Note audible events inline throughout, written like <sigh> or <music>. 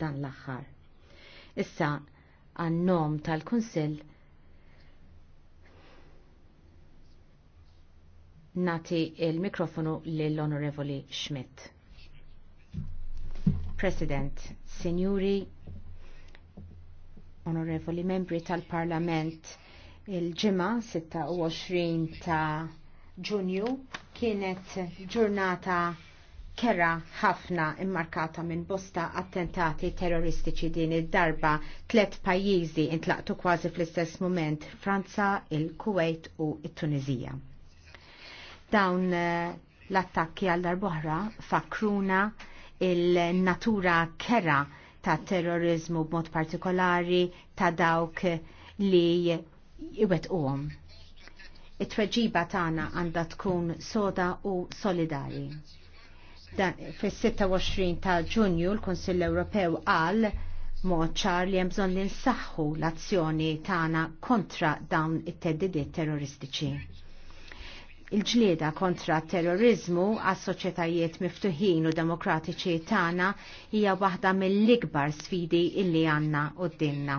dan l-aħħar. Issa, għannom tal-Kunsill nati il-mikrofonu lill-Onorevoli Schmidt. President, Signori, Onorevoli Membri tal-Parlament, il-ġimma 26 ta' ġunju kienet ġurnata kera ħafna immarkata minn bosta attentati terroristiċi din id-darba tlet pajjiżi intlaqtu kważi fl-istess moment Franza, il-Kuwait u it-Tunizija. Dawn eh, l-attakki għal darbohra fakruna il-natura kera ta' terrorizmu b'mod partikolari ta' dawk li uħom. It-tweġiba tagħna għandha tkun soda u solidari Fis-26 ta' Ġunju l-Kunsill Ewropew qal mod ċar li hemm bżonn li nsaħħu l-azzjoni tagħna kontra dawn it-teddidiet terroristiċi. Il-ġlieda kontra t terrorizmu għas soċjetajiet miftuħin u demokratiċi tagħna hija waħda mill-ikbar sfidi illi għandna qudiemna.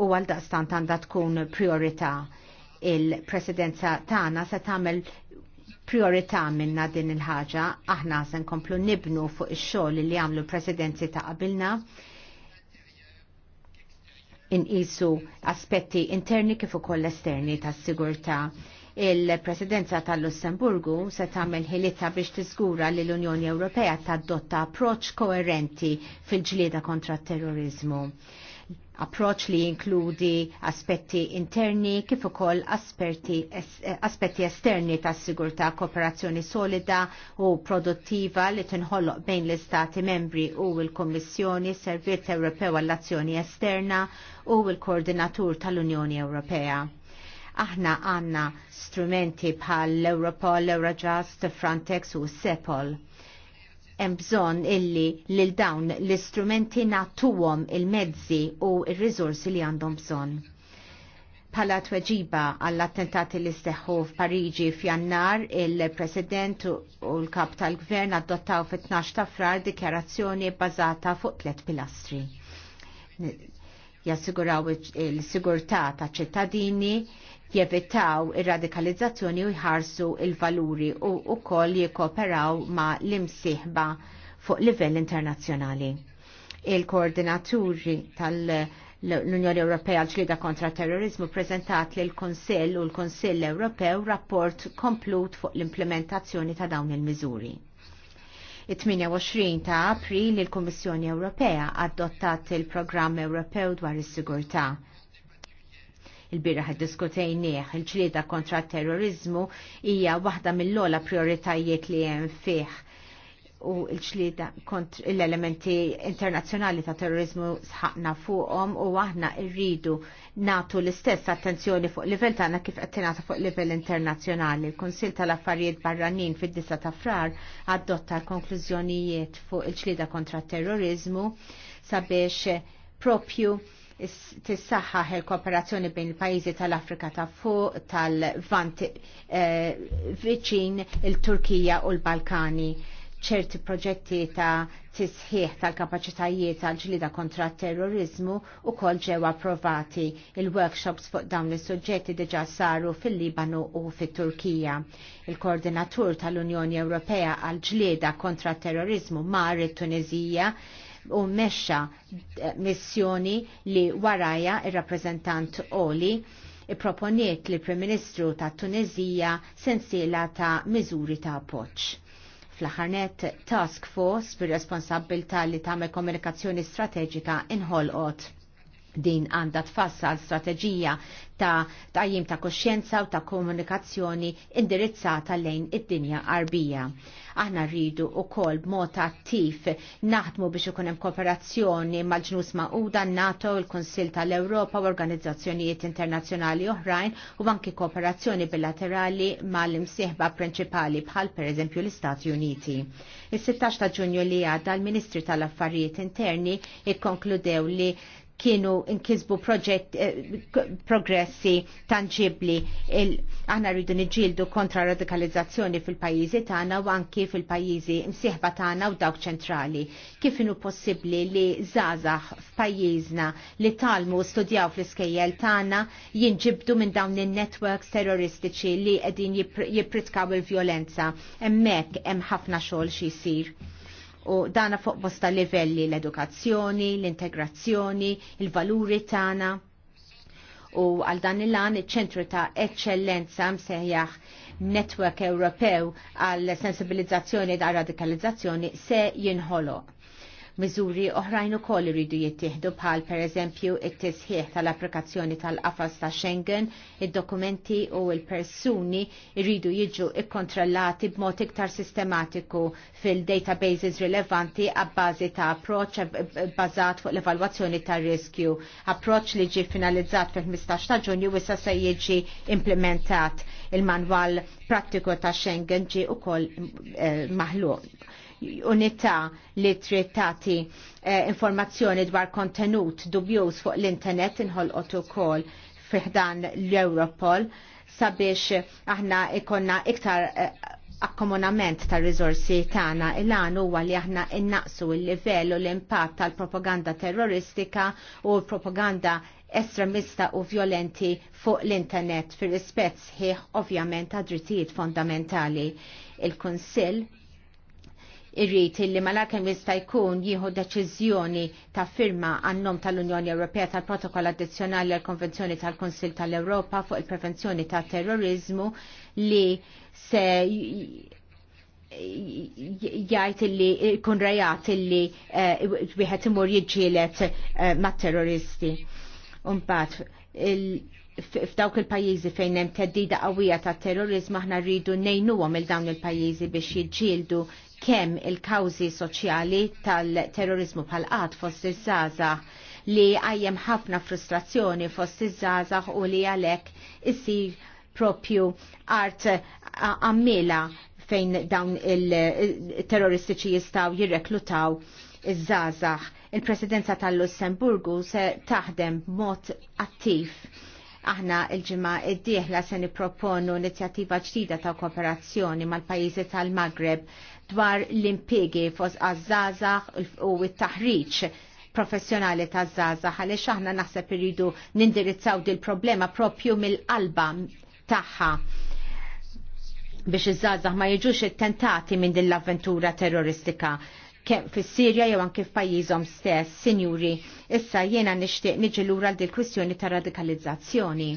U għal daqstant għandha tkun priorità il-presidenza tagħna se tagħmel priorità minna din il-ħaġa, aħna se nkomplu nibnu fuq ix-xogħol li għamlu presidenti ta' qabilna inqisu aspetti interni kif ukoll esterni tas-sigurtà il-presidenza tal-Lussemburgu se tagħmel ħilitha biex tiżgura li l-Unjoni Ewropea tadotta approċċ koerenti fil-ġlieda kontra t terrorizmu approach li jinkludi aspetti interni kif ukoll aspetti, eh, aspetti esterni ta' sigurtà kooperazzjoni solida u produttiva li tinħolloq bejn l-Istati membri u l-Kommissjoni Servizz Ewropew għall-Azzjoni Esterna u l-Koordinatur tal-Unjoni Ewropea. Aħna għanna strumenti bħal l-Europol, l-Eurojust, Frontex u Sepol hemm bżonn illi lil dawn l-istrumenti nagħtuhom il-mezzi u r-riżorsi li għandhom bżonn pala tweġiba għall-attentati li steħħu f'Pariġi f'Jannar, il-President u l-Kap tal-Gvern adottaw fit-12 ta' frar dikjarazzjoni bbażata fuq tliet pilastri. Jassiguraw il-sigurtà ta' ċittadini, jevitaw ir-radikalizzazzjoni u jħarsu il-valuri u wkoll jikkooperaw ma' l-imsieħba fuq livell internazzjonali. Il-koordinaturi tal- l-Unjoni Ewropea ġlida kontra terrorizmu prezentat l konsill u l-Konsill Ewropew rapport komplut fuq l-implementazzjoni ta' dawn il-miżuri. It-28 ta' April il-Kummissjoni Ewropea adottat il-Programm Ewropew dwar is-sigurtà il-biraħ diskutejnieħ il-ċlieda kontra t terrorizmu hija waħda mill-ola prioritajiet li hemm fih u l-ċlieda kontra l-elementi internazzjonali ta' terrorizmu sħaqna fuqhom u aħna rridu natu l-istess attenzjoni fuq livell tagħna kif qed tingħata fuq livell internazzjonali. Il-Kunsil tal-Affarijiet Barranin fid-9 ta' frar adotta l-konklużjonijiet fuq il-ċlieda kontra terrorizmu sabiex propju tissaħħaħ il-kooperazzjoni bejn il-pajjiżi tal-Afrika ta' fuq, tal-Vant eh, viċin, il-Turkija u l-Balkani ċerti proġetti ta' tisħiħ tal-kapacitajiet tal-ġlida kontra terrorizmu u kol ġew approvati il-workshops fuq dawn is suġġetti diġa saru fil-Libanu u fit-Turkija. Il-koordinatur tal-Unjoni Ewropea għal ġlida kontra terrorizmu mar it-Tunizija u mexxa eh, missjoni li waraja il rappreżentant Oli proponiet li prim Ministru ta' Tunezija sensiela ta' miżuri ta' poċ. Fl-ħarnet Task Force bir-responsabilta li tagħmel komunikazzjoni strateġika inħolqot din għanda tfassal strateġija ta' tajjim ta' koscienza u ta' komunikazzjoni indirizzata lejn id-dinja qarbija. Aħna rridu u kol b'mod attiv naħdmu biex ikun hemm kooperazzjoni mal-ġnus Mauda, NATO, il-Kunsil tal-Ewropa u organizzazzjonijiet internazzjonali oħrajn u anki kooperazzjoni bilaterali mal-imsieħba prinċipali bħal pereżempju l-Istati Uniti. Is-16 ta' Ġunju li għadda l-Ministri tal-Affarijiet Interni ikkonkludew li kienu nkisbu proġett eh, progressi tangibli aħna rridu niġġieldu kontra radikalizzazzjoni fil-pajjiżi tagħna u anki fil-pajjiżi msieħba tagħna u dawk ċentrali. Kif inhu possibbli li żgħażagħ f'pajjiżna li talmu u studjaw fl-iskejjel tagħna jinġibdu minn dawn in-networks terroristiċi li qegħdin jipritkaw il-vjolenza. Hemmhekk hemm ħafna xogħol xi jsir u dana fuq bosta livelli l-edukazzjoni, l-integrazzjoni, il-valuri tana u għal dan il-lan iċ-ċentru ta' eccellenza msejjaħ Network Ewropew għal sensibilizzazzjoni da' radikalizzazzjoni se jinħoloq Miżuri oħrajn ukoll iridu jittieħdu bħal pereżempju it-tisħiħ tal-applikazzjoni tal-qafas ta' Schengen, id-dokumenti u l-persuni iridu jiġu ikkontrollati b'mod iktar sistematiku fil-databases rilevanti għabbażi ta' approċ e, bbażat fuq l-evalwazzjoni ta' riskju. Approċ li ġi finalizzat fil-15 ta' ġunju wissa se jiġi implementat il-manwal prattiku ta' Schengen ġi ukoll eh, maħluq unità li trid tagħti eh, informazzjoni dwar kontenut dubjuż fuq l-internet inħolqot ukoll fiħdan l-Europol sabiex aħna ikonna iktar eh, akkomunament ta' rizorsi tagħna il-għan huwa li aħna innaqsu il-livell u l-impatt tal-propaganda terroristika u l-propaganda estremista u violenti fuq l-internet fir rispett sħiħ ovvjament ta' drittijiet fondamentali. Il-Kunsill irrit illi malakem jista' jkun jieħu deċiżjoni ta' firma għannom tal-Unjoni Ewropea tal-Protokoll Addizzjonali għall konvenzjoni tal-Konsil tal-Ewropa fuq il-prevenzjoni ta' terrorizmu li se jgħid li jkun rajat illi eh, wieħed imur jiġġielet eh, mat-terroristi. Umbat, f'dawk il-pajjiżi fejn hemm teddida qawwija ta' terrorizmu aħna rridu nejnuhom il dawn il-pajjiżi biex jiġġieldu kemm il-kawżi soċjali tal-terrorizmu bħal qatt fost iż-żgħażagħ li għajjem ħafna frustrazzjoni fost iż-żgħażagħ u li għalhekk isir propju art għammela fejn dawn il-terroristiċi jistaw jirreklutaw iż-żgħażagħ. Il-Presidenza tal-Lussemburgu se taħdem mod attiv Aħna il-ġimma id-dieħla se niproponu inizjattiva ġdida ta' kooperazzjoni mal-pajjiżi tal-Maghreb dwar l-impiegi fost għazzazax u t-taħriġ professjonali ta' zaza għaliex aħna naħseb irridu nindirizzaw dil problema propju mill-qalba tagħha biex iż-żazax ma jiġux it-tentati minn din l-avventura terroristika kemm fis-Sirja jew anke f'pajjiżhom stess, sinjuri, issa jiena nixtieq niġi lura għal kwistjoni ta' radikalizzazzjoni.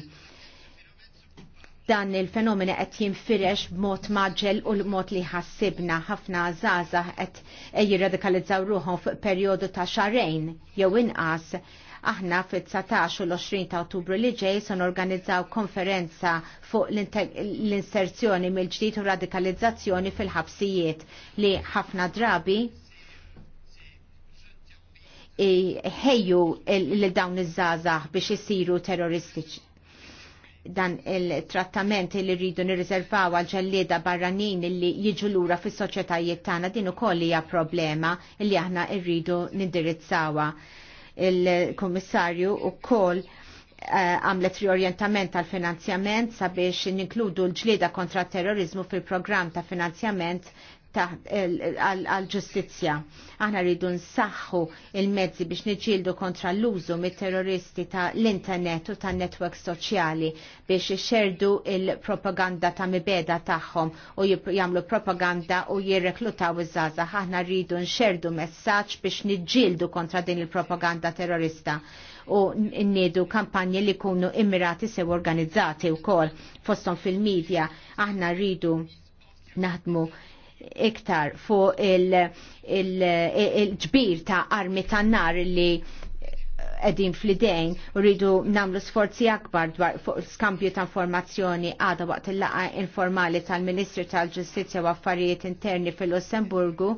Dan il-fenomeni qed jinfirex b'mod maġel u l-mod li ħassibna ħafna żgħażagħ qed eh, jirradikalizzaw ruħhom fuq perjodu ta' xarejn jew inqas aħna fit-19 u l-20 ta' Ottubru li ġej son organizzaw konferenza fuq l-inserzjoni mill-ġdid u radikalizzazzjoni fil-ħabsijiet li ħafna drabi ħejju l-dawn iż-żazax biex isiru terroristiċi dan il-trattament li rridu nirriservaw għal ġellieda barranin li jiġu lura fis soċjetajiet tagħna din ukoll hija problema li aħna rridu nindirizzawa. Il-Kummissarju ukoll eh, għamlet riorientament tal finanzjament sabiex ninkludu l-ġlieda kontra terrorizmu fil-programm ta' finanzjament għal-ġustizja. Aħna rridu nsaħħu il-mezzi biex niġildu kontra l-użu mit-terroristi ta' l-internet u ta' netwerk soċjali biex ixxerdu il-propaganda ta' mibeda tagħhom u jagħmlu propaganda u jirreklutaw iż-żaza. Aħna rridu nxerdu messaġġ biex niġġieldu kontra din il-propaganda terrorista u nnedu kampanje li kunu immirati sew organizzati u kol fostom fil-medja aħna rridu naħdmu iktar fuq il-ġbir ta' armi ta' nar li edin fl-idejn u rridu namlu sforzi akbar dwar fuq skambju ta' informazzjoni għada waqt il-laqa informali tal-Ministru tal-Ġustizja u Affarijiet Interni fil-Lussemburgu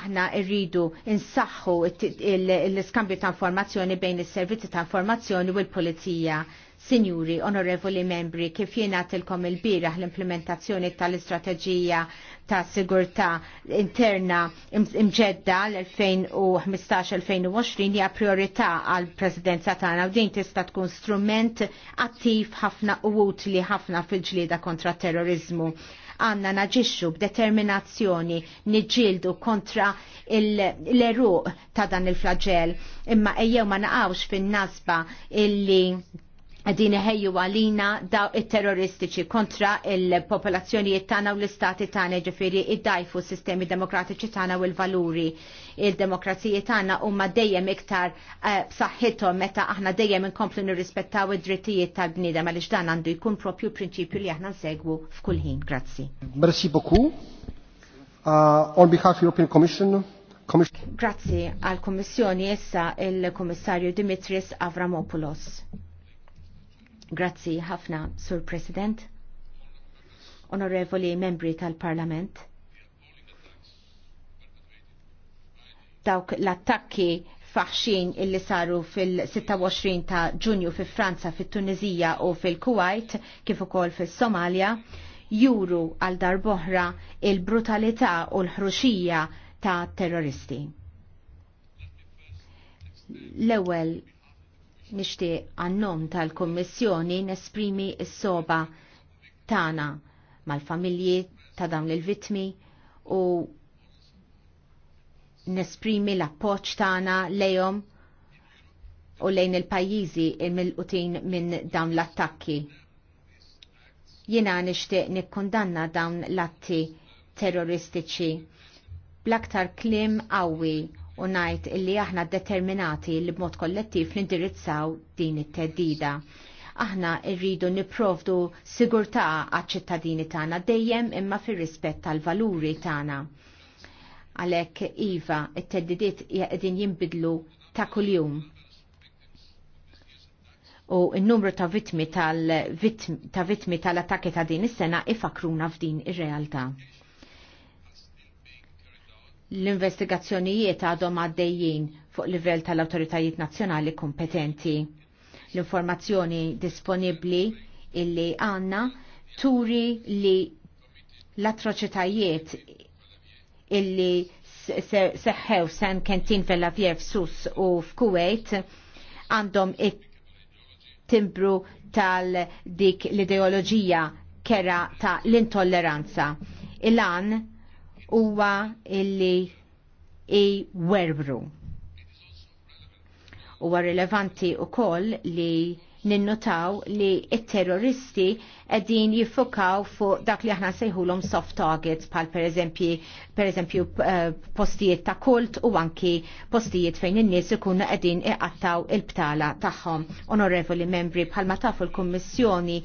aħna rridu insaħħu l-skambju ta' informazzjoni bejn is-servizzi ta' informazzjoni u l-Pulizija Signuri onorevoli membri, kif jiena tilkom il bira l-implementazzjoni tal-istrateġija ta' sigurtà interna imġedda l-2015-2020 hija priorità għal presidenza tagħna u din tista' tkun strument attiv ħafna u utli ħafna fil-ġlieda kontra terrorizmu. Għanna naġixxu b'determinazzjoni niġġieldu kontra l-eruq ta' dan il-flagell imma ejjew ma naqawx fin-nasba illi din ħejju għalina daw il-terroristiċi kontra il-popolazzjonijiet tagħna u l-istati tagħna ġifiri id-dajfu s-sistemi demokratiċi tagħna u l-valuri. Il-demokrazija tagħna huma dejjem iktar eh, b'saħħithom meta aħna dejjem inkomplu nirrispettaw id-drittijiet tal-bniedem għaliex dan għandu jkun propju prinċipju li aħna nsegwu f'kull ħin. Grazzi. Merci beaucoup. Uh, on behalf of European Commission, Grazie Grazzi għal-Kommissjoni issa il-Kommissarju Dimitris Avramopoulos. Grazzi ħafna, Sur President, onorevoli membri tal-Parlament. Dawk l-attakki faħxin illi saru fil-26 ta' ġunju fi Franza, fit tunizija u fil-Kuwait, kif ukoll fil-Somalia, juru għal darboħra il-brutalità u l-ħruxija ta' terroristi. L-ewwel Nixtieq għannom tal-Kommissjoni nesprimi s-soba tana mal-familji ta' dawn il-vitmi u nesprimi l-appoċ tana lejom u lejn il-pajjiżi il-milqutin minn dawn l-attakki. Jiena nixtieq nikkondanna dawn l-atti terroristiċi bl-aktar klim qawwi u najt illi aħna determinati li b'mod kollettiv nindirizzaw din it-teddida. Aħna rridu niprovdu sigurtà għaċ-ċittadini tagħna dejjem imma fir-rispett tal-valuri tagħna. Għalhekk iva, it-teddidiet qegħdin jinbidlu ta' kuljum u n-numru ta' vitmi tal-attakki ta', ta din is-sena ifakruna f'din ir-realtà. L-investigazzjonijiet għadhom għaddejjin fuq livell tal-autoritajiet nazzjonali kompetenti. L-informazzjoni disponibli illi għanna turi li l-atroċitajiet illi seħħew sen kentin fella lavjev Sus u f'Kuwait għandhom it-timbru tal-dik l-ideologija kera ta' l-intolleranza. Il-għan huwa illi i werbru. Huwa rilevanti u koll li ninnotaw li il-terroristi għedin jiffokaw fuq dak li aħna sejħulhom soft targets pal per eżempju per eh, eżempju postijiet ta' kult u anki postijiet fejn in-nies ikunu qegħdin iqattaw il-btala tagħhom. Onorevoli membri bħalma tafu l-Kummissjoni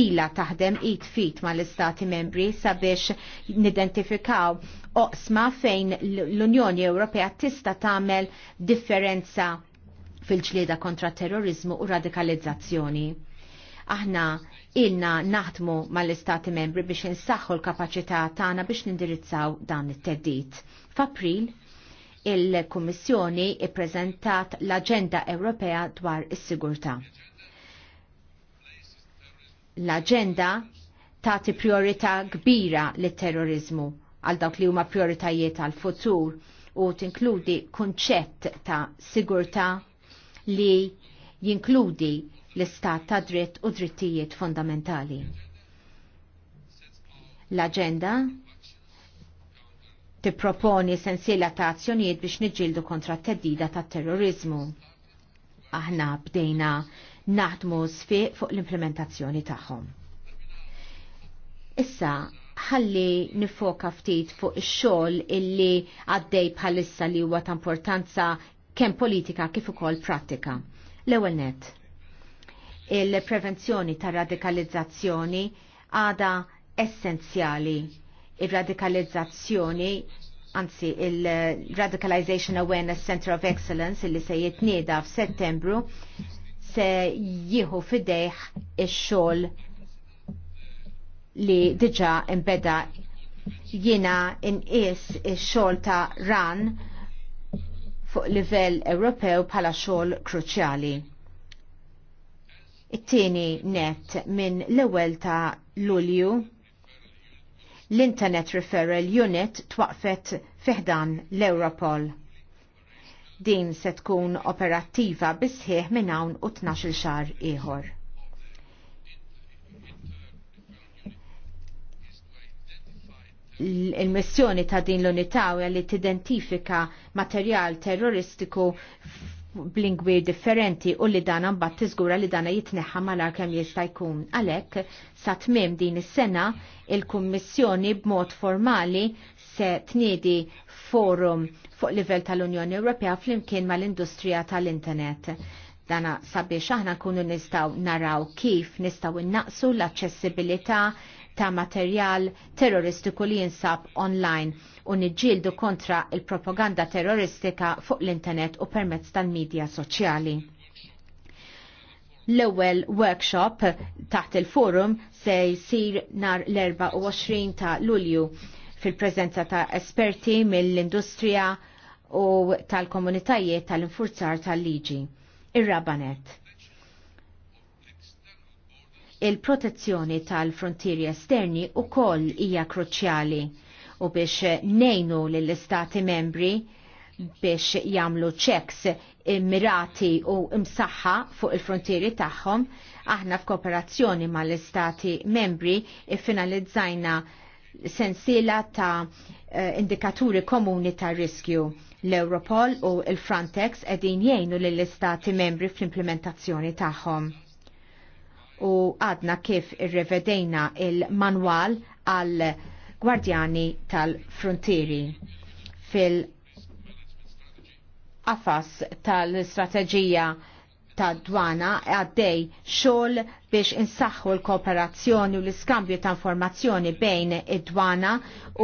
ila taħdem id fit mal-Istati membri sabiex nidentifikaw oqsma fejn l-Unjoni Ewropea tista' tagħmel differenza fil-ġlieda kontra terrorizmu u radikalizzazzjoni. Aħna ilna naħdmu mal-Istati membri biex insaħħu l-kapacità tagħna biex nindirizzaw dan it-teddit. F'April il-Kummissjoni ippreżentat l-Aġenda Ewropea dwar is-sigurtà. L-Aġenda tagħti priorità kbira lit-terrorizmu għal dawk li huma prioritajiet għal futur u tinkludi kunċett ta' sigurtà li jinkludi l-istat ta' dritt u drittijiet fundamentali. L-agenda tipproponi sensiela ta' azzjonijiet biex niġġieldu kontra t-teddida ta' terrorizmu. Aħna bdejna naħdmu sfiq fuq l-implementazzjoni tagħhom. Issa, ħalli nifoka ftit fuq ix-xogħol illi għaddej bħalissa li huwa ta' importanza kemm politika kif ukoll pratika. L-ewwel net. Il-prevenzjoni ta' radikalizzazzjoni għada essenzjali. Ir-radikalizzazzjoni anzi il-Radicalization Awareness Center of Excellence illi se jitnieda f'Settembru se jieħu fidejh ix-xogħol li diġà imbeda jiena inqies ix-xogħol ta' RAN fuq livell Ewropew bħala xogħol kruċjali. It-tieni net minn l-ewwel ta' Lulju l-Internet Referral Unit twaqfet fiħdan l-Europol. Din se tkun operattiva bisħieħ minn hawn u 12 xahar ieħor. il-missjoni ta' din l-unità u li t-identifika materjal terroristiku b'lingwi differenti u li dan mbagħad tiżgura li dana jitneħħa malar kemm jista' jkun. Għalhekk sa tmiem din is-sena il-Kummissjoni b'mod formali se tniedi forum fuq livell tal-Unjoni Ewropea flimkien mal-industrija tal-Internet. Dana sabiex aħna nkunu nistgħu naraw kif nistgħu innaqsu l-aċċessibilità ta' materjal terroristiku li jinsab online u niġġieldu kontra il-propaganda terroristika fuq l-internet u permezz tal-medja soċjali. L-ewwel workshop taħt il-forum se jsir nar l-24 ta' Lulju fil-preżenza ta' esperti mill-industrija u tal-komunitajiet tal-infurzar tal-liġi. Ir-Rabanet il-protezzjoni tal-frontieri esterni u koll hija kruċjali u biex nejnu l-istati membri biex jamlu checks mirati u imsaħħa fuq il-frontieri tagħhom, aħna f'kooperazzjoni mal-istati membri iffinalizzajna sensiela ta' eh, indikaturi komuni ta' riskju. L-Europol u l-Frontex edin jgħinu l-istati membri fl-implementazzjoni tagħhom u għadna kif irrevedejna il-manwal għal gwardjani tal-frontieri fil afas tal-strategija ta' dwana għaddej xol biex insaħħu l-kooperazzjoni u l-iskambju ta' informazzjoni bejn id-dwana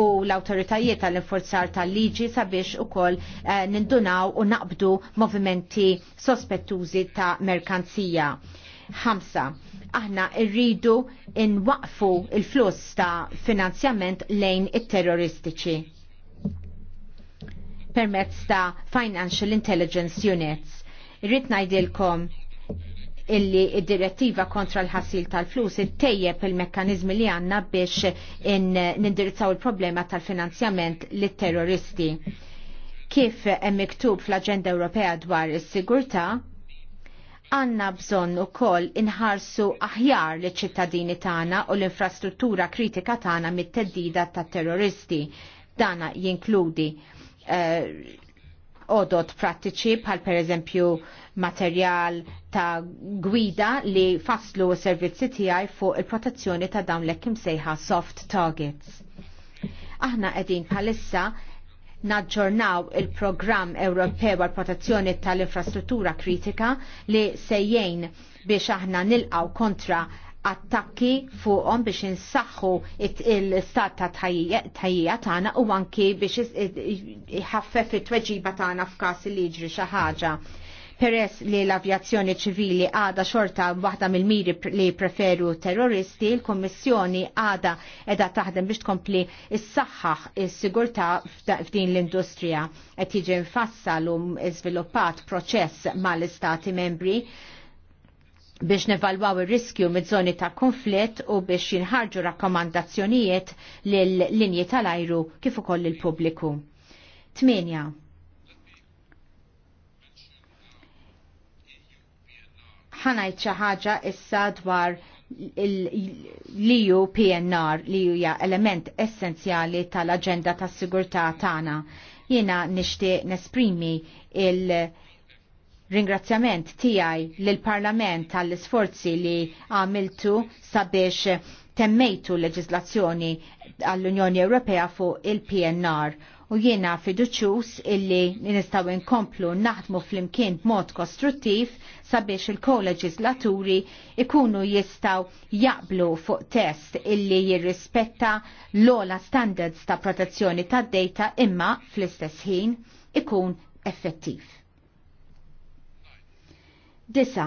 u l-autoritajiet tal-infurzar tal-liġi sabiex u koll eh, nindunaw u naqbdu movimenti sospettużi ta' merkanzija. 5 aħna rridu inwaqfu il-fluss ta' finanzjament lejn it-terroristiċi permezz ta' Financial Intelligence Units. Irrid ngħidilkom illi id-direttiva kontra l-ħassil tal-flus ittejjeb il-mekkanizmi li għanna biex nindirizzaw il-problema tal-finanzjament lit terroristi Kif hemm miktub fl-Aġenda Ewropea dwar is-sigurtà, għanna bżonn u koll inħarsu aħjar li ċittadini tagħna u l-infrastruttura kritika tagħna mit-teddida ta' terroristi. Dana jinkludi uh, odot prattiċi bħal per eżempju materjal ta' gwida li faslu s servizzi tiegħi fuq il-protezzjoni ta' dawn l ekim sejħa soft targets. Aħna qegħdin bħalissa naġġornaw il-programm Ewropew għal protezzjoni tal-infrastruttura kritika li sejjejn biex aħna nilqaw kontra attakki fuqhom biex insaħħu il-stat ta' tajjija tagħna u anki biex iħaffef it-tweġiba tagħna f'każ li jiġri xi ħaġa. Peress li l-avjazzjoni ċivili għada xorta waħda mill-miri li preferu terroristi, l-Kommissjoni għada edha taħdem biex tkompli s-saxħax is-sigurta f'din l-industrija. Et jiġi nfassal u sviluppat proċess mal-istati membri biex nevalwaw ir-riskju mid-żoni ta' konflitt u biex jinħarġu rakkomandazzjonijiet l linji tal-ajru kif ukoll il-pubbliku. 8. ħanajt xi ħaġa issa dwar l-EU PNR li hija element essenzjali tal-aġenda tas-sigurtà tagħna. Jiena nixtieq nesprimi il- ringrazzjament tiegħi lill-Parlament tal-isforzi li għamiltu sabiex temmejtu l leġislazzjoni għall-Unjoni Ewropea fuq il-PNR u jiena fiduċus illi nistaw inkomplu naħdmu fl-imkien b'mod kostruttiv sabiex il-koleġislaturi ikunu jistaw jaqblu fuq test illi jirrispetta l-ola standards ta' protezzjoni ta' data imma fl-istess ħin ikun effettiv. Disa.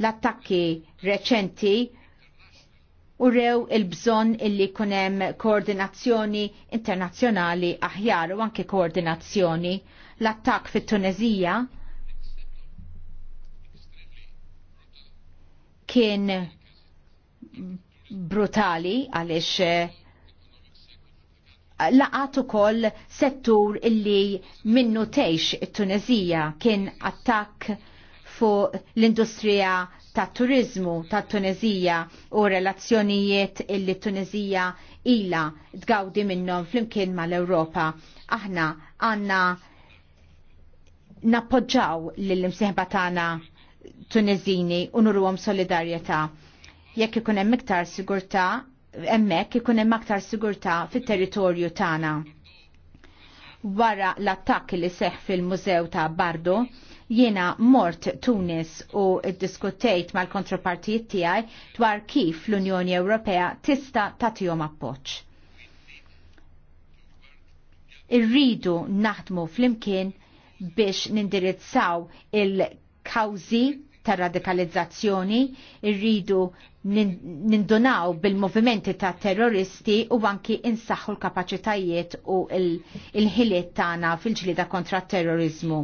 L-attakki reċenti u rew il-bżon illi kunem koordinazzjoni internazzjonali aħjar u anke koordinazzjoni l-attak fit tunezija kien brutali għalix eh, laqat ukoll settur illi minnu teħx it-Tunezija kien attakk fuq l-industrija ta' turizmu ta' Tunezija u relazzjonijiet illi Tunezija ila tgawdi minnhom flimkien mal-Ewropa. Aħna għanna nappoġġaw lill-imsieħba tagħna Tunezini u nurruhom solidarjetà. Jekk ikun hemm iktar sigurtà, hemmhekk ikun hemm aktar sigurtà fit-territorju tagħna. Wara l-attakk li seħħ fil-Mużew ta' Bardo, Jiena mort Tunis u diskutejt mal-kontropartijiet tiegħi dwar kif l-Unjoni Ewropea tista' tagħtihom appoġġ. Irridu naħdmu flimkien biex nindirizzaw il-kawżi ta' radikalizzazzjoni, irridu nindunaw bil-movimenti ta' terroristi u anki insaħħu l-kapacitajiet u il-ħiliet tagħna fil-ġlida kontra terrorizmu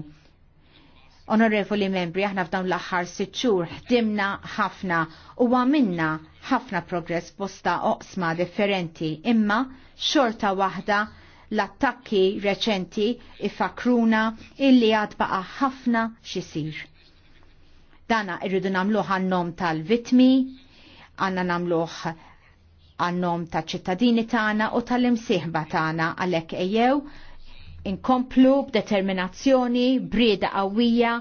Onorevoli membri, aħna f'dawn l-aħħar sitt xhur ħdimna ħafna u għamilna ħafna progress bosta oqsma differenti, imma xorta waħda l-attakki reċenti ifakruna illi għad baqa ħafna xisir. Dana irridu namlu għannom tal-vitmi, għanna namluħ għannom tal ċittadini tagħna u tal-imsieħba tagħna għalhekk ejjew inkomplu b'determinazzjoni, brieda qawwija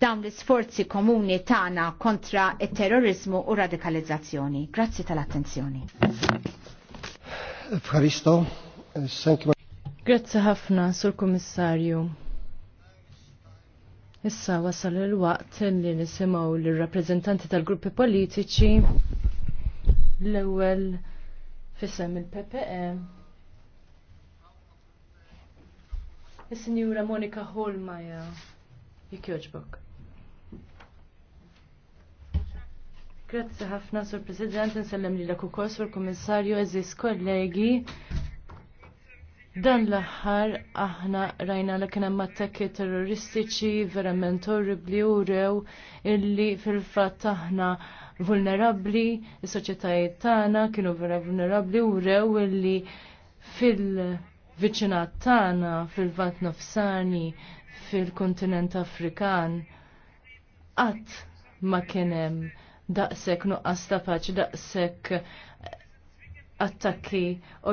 dawn l-isforzi komuni tagħna kontra it-terrorizmu u radikalizzazzjoni. Grazzi tal-attenzjoni. Fħaristo, Grazzi ħafna, Sur Kummissarju. Issa wasal il-waqt li nisimaw l-rappresentanti tal-gruppi politiċi l-ewwel fisem il-PPE Is-Sinjura Monika Holmaja. Jek joġbok. Grazzi ħafna, Sur President, nsellem li l ukoll Sur Kommissarju, eżis kollegi. Dan l-aħħar aħna rajna li kien hemm attakki terroristiċi verament orribli u rew illi fil-fatt aħna vulnerabbli, is-soċjetajiet tagħna kienu vera vulnerabbli u rew illi fil- viċinat tagħna fil-Vat Nofsani fil-kontinent Afrikan qatt ma kien hemm daqshekk nuqqas ta' paċi daqshekk attakki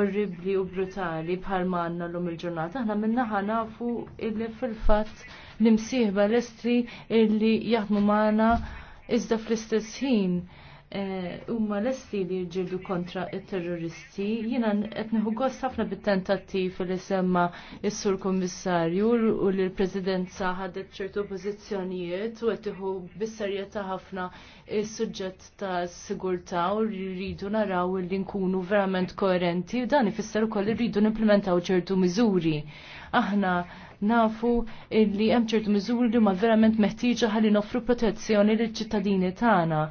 orribli u brutali bħal manna għandna l-lum il-ġurnata. Aħna minna nafu illi fil-fatt nimsiħba l-estri illi jaħdmu manna iżda fl-istess ħin l eh, lesti li jġirdu kontra il-terroristi. Jina etniħu gost ħafna bit-tentattiv li semma il-sur kommissarju u li l-prezidenza ħadet ċertu pozizjonijiet u etniħu bissarjeta ħafna il-sujġet ta' sigurta u li rridu naraw li nkunu verament koerenti u dan ifisser ukoll li rridu n-implementaw ċertu miżuri. Aħna nafu li hemm ċertu miżuri li huma verament meħtieġa ħalli noffru protezzjoni lill ċittadini tagħna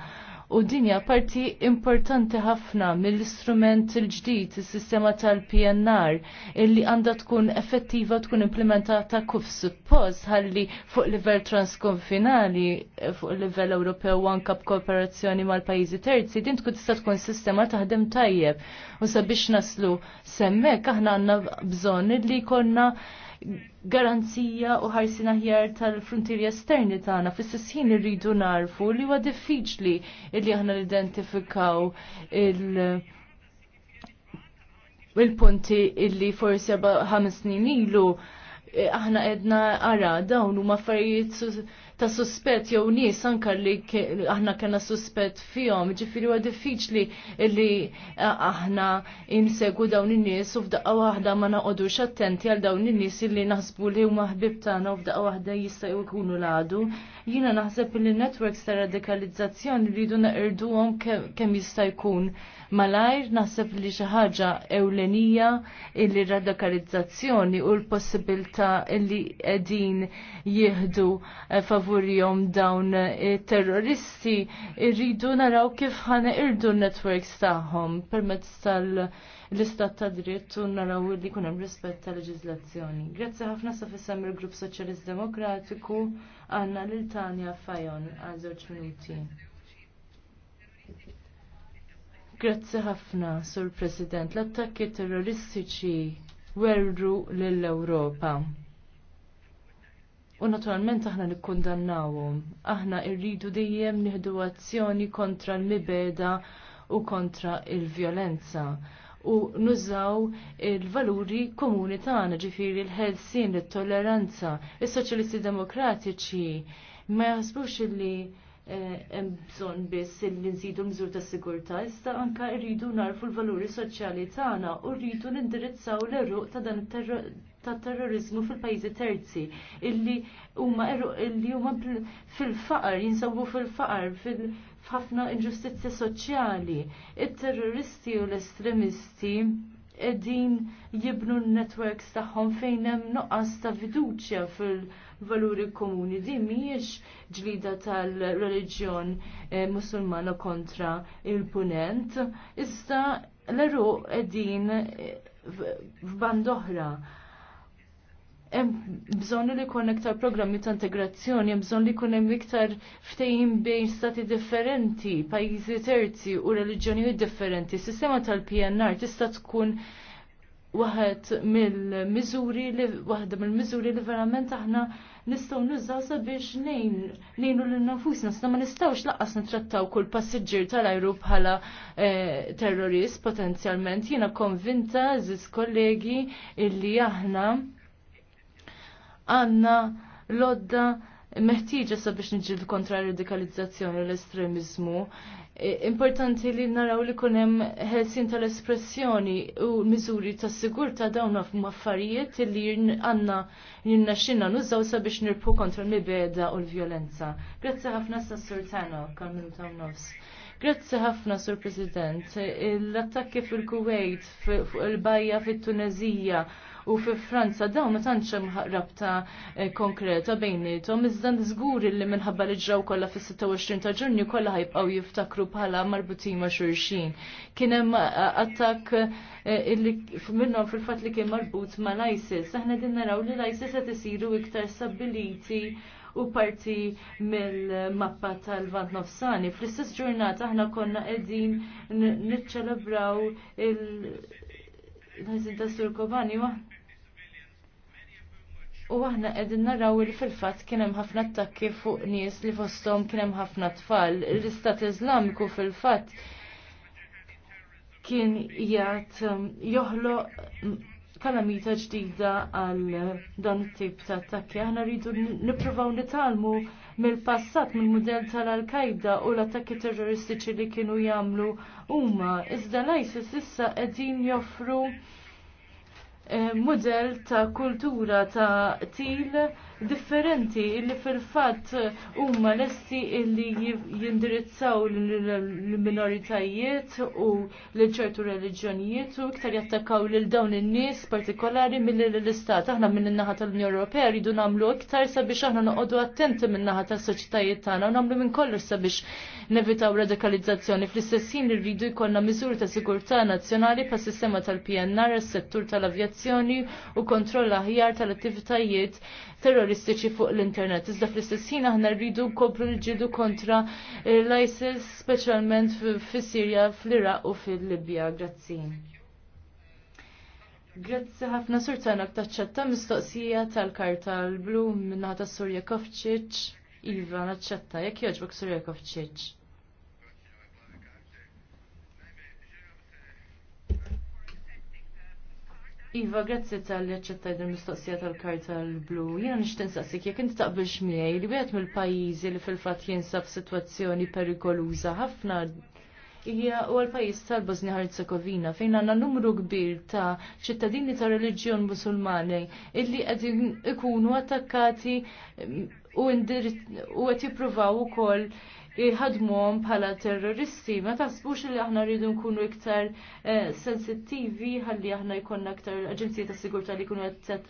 u dinja parti importanti ħafna mill-istrument il-ġdid, il-sistema tal-PNR, illi għanda tkun effettiva tkun implementata kuf suppost ħalli fuq livell transkonfinali, fuq livell Ewropew u anka b'kooperazzjoni mal-pajjiżi terzi, din tkun tista' tkun sistema taħdem tajjeb. U sabiex naslu semmek aħna għandna bżonn illi konna garanzija u ħarsin aħjar tal-frontieri esterni tagħna fis sissin irridu narfu li huwa diffiċli li aħna nidentifikaw il- il-punti illi forsi ħames snin ilu eh, aħna edna ara dawn huma affarijiet ta' suspett jew nies anke li aħna kellna suspett fihom, ġifieri huwa diffiċli li aħna insegu dawn in-nies u f'daqqa waħda ma naqogħdux attenti għal dawn in-nies li naħsbu li huma ħbib tagħna u f'daqqa waħda jistgħu jkunu l-għadu. Jiena naħseb li networks ta' radikalizzazzjoni rridu naqirduhom kemm jista' jkun malajr naħseb li xi ħaġa ewlenija illi radikalizzazzjoni u l-possibilità illi qegħdin jieħdu eh, favur furjom dawn terroristi irridu naraw kif ħana irdu n-networks tagħhom permezz tal-istat ta' dritt u naraw li kunem hemm rispett ta' leġizlazzjoni. Grazzi ħafna sa fissem il-Grupp Soċjalist Demokratiku għanna lil Tanja Fajon għal żewġ minuti. Grazzi ħafna, Sur President, l-attakki terroristiċi werru lill-Ewropa u naturalment aħna nikkundannawhom. Aħna rridu dejjem nieħdu azzjoni kontra l-mibeda u kontra il-vjolenza u nużaw il-valuri komuni tagħna ġifieri l ħelsin it-tolleranza. Is-Soċjalisti Demokratiċi ma jaħsbux li eh, hemm bżonn biss li nżidu l-miżur ta' sigurtà, issa anke rridu narfu l-valuri soċjali tagħna u rridu nindirizzaw l-eruq ta' dan ta' terrorizmu fil-pajjiżi terzi illi huma illi huma fil-faqar jinsabu fil-faqar fil-ħafna inġustizzja soċjali. it terroristi u l-estremisti edin jibnu n-networks tagħhom fejn hemm nuqqas ta' fiduċja fil-valuri komuni. Din mhijiex ġlida tal-reliġjon eh, musulmana kontra il-punent, iżda l-eru edin eh, f'band oħra hemm bżonn li jkun iktar programmi ta' integrazzjoni, hemm bżonn li jkun hemm iktar ftehim bejn stati differenti, pajjiżi terzi u reliġjonijiet differenti. Sistema tal-PNR tista' tkun waħed mill-miżuri li waħda mill-miżuri li verament aħna nistgħu nużaw sabiex nejn nejnu lil nafusna sna ma nistgħux laqqas nittrattaw kull passiġġier tal-ajru bħala eh, terrorist potenzjalment. Jiena konvinta żis kollegi illi aħna għanna lodda meħtieġa sabiex nġil kontra radikalizzazzjoni u l-estremizmu. E, importanti li naraw li kunem ħelsin tal-espressjoni u miżuri ta' sigurta dawn affarijiet li għanna jinnaxxinna nużaw sabiex nirpu kontra l-mibeda u l-violenza. Grazzi ħafna sa' Sur Tano, kamil ta' nofs. Grazzi ħafna, Sur President. E, l-attakki fil-Kuwait, fil-Bajja, fil-Tunezija, fil kuwait fil bajja fil tunezija fil bajja tunezija u fi Franza daw ma tantx hemm rabta eh, konkreta bejnietom iżda żgur li minħabba li ġraw kollha fis-26 ta' Ġunju kollha ħajbqgħu jiftakru bħala marbutin ma' xulxin. Kien hemm eh, attakk eh, minnhom fil-fatt li kien marbut ma' l-ISIS. Aħna din naraw li l-ISIS qed isiru iktar stabiliti u parti mill-mappa tal-Vant Nofsani. Fl-istess ġurnata aħna konna qegħdin niċċelebraw il nazin ta' Sur Kobani U aħna qegħdin naraw li fil-fatt kien hemm ħafna attakki fuq nies li fosthom kien hemm ħafna tfal. L-Istat izlamiku fil-fatt kien jgħat um, joħloq kalamita ġdida għal dan it-tip ta' attakki. Aħna rridu nippruvaw nitalmu mill-passat mill-mudell al qaeda u l-attakki terroristiċi li kienu jagħmlu huma iżda l-ISIS issa qegħdin joffru Eh, model ta' kultura ta' til differenti illi fil-fatt huma lesti illi jindirizzaw l-minoritajiet u l-ċertu reliġjonijiet u iktar jattakaw lil dawn in-nies partikolari mill-istat. Aħna minn in-naħa tal-Unjoni Ewropea rridu nagħmlu iktar sabiex aħna noqogħdu attenti min-naħa tas soċitajiet tagħna u nagħmlu minn kollox sabiex nevitaw radikalizzazzjoni. fl istessin rridu jkollna miżuri ta' sigurtà nazzjonali pa' sistema tal-PNR, s settur tal-avjazzjoni u kontroll aħjar tal-attivitajiet terroristiċi terroristiċi fuq l-internet. Iżda fl-istess ħin aħna rridu nkopru l-ġidu kontra l-ISIS, speċjalment fis-Sirja, fl-Iraq u fil-Libja. Grazzi. Grazzi ħafna sur tanak taċċetta mistoqsija tal-karta l-blu ta' Surja Kofċiċ. Iva, naċċetta, jekk joġbok Surja Kofċiċ. Iva, grazzi tal-li ċettaj mistoqsija tal-karta l-blu. Jena nishtin saqsik, jek inti taqbel xmiej li bħet mill-pajizi li fil-fat jinsab situazzjoni perikoluza ħafna hija u għal-pajis tal-Bosnia Herzegovina fejn għandna numru kbir ta' ċittadini ta' reliġjon musulmani illi qed ikunu attakkati u qed jippruvaw ukoll jħadmuhom bħala terroristi. Ma taħsbux li aħna rridu nkunu iktar eh, sensittivi ħalli aħna jkollna iktar aġenzija ta' sigurtà li jkunu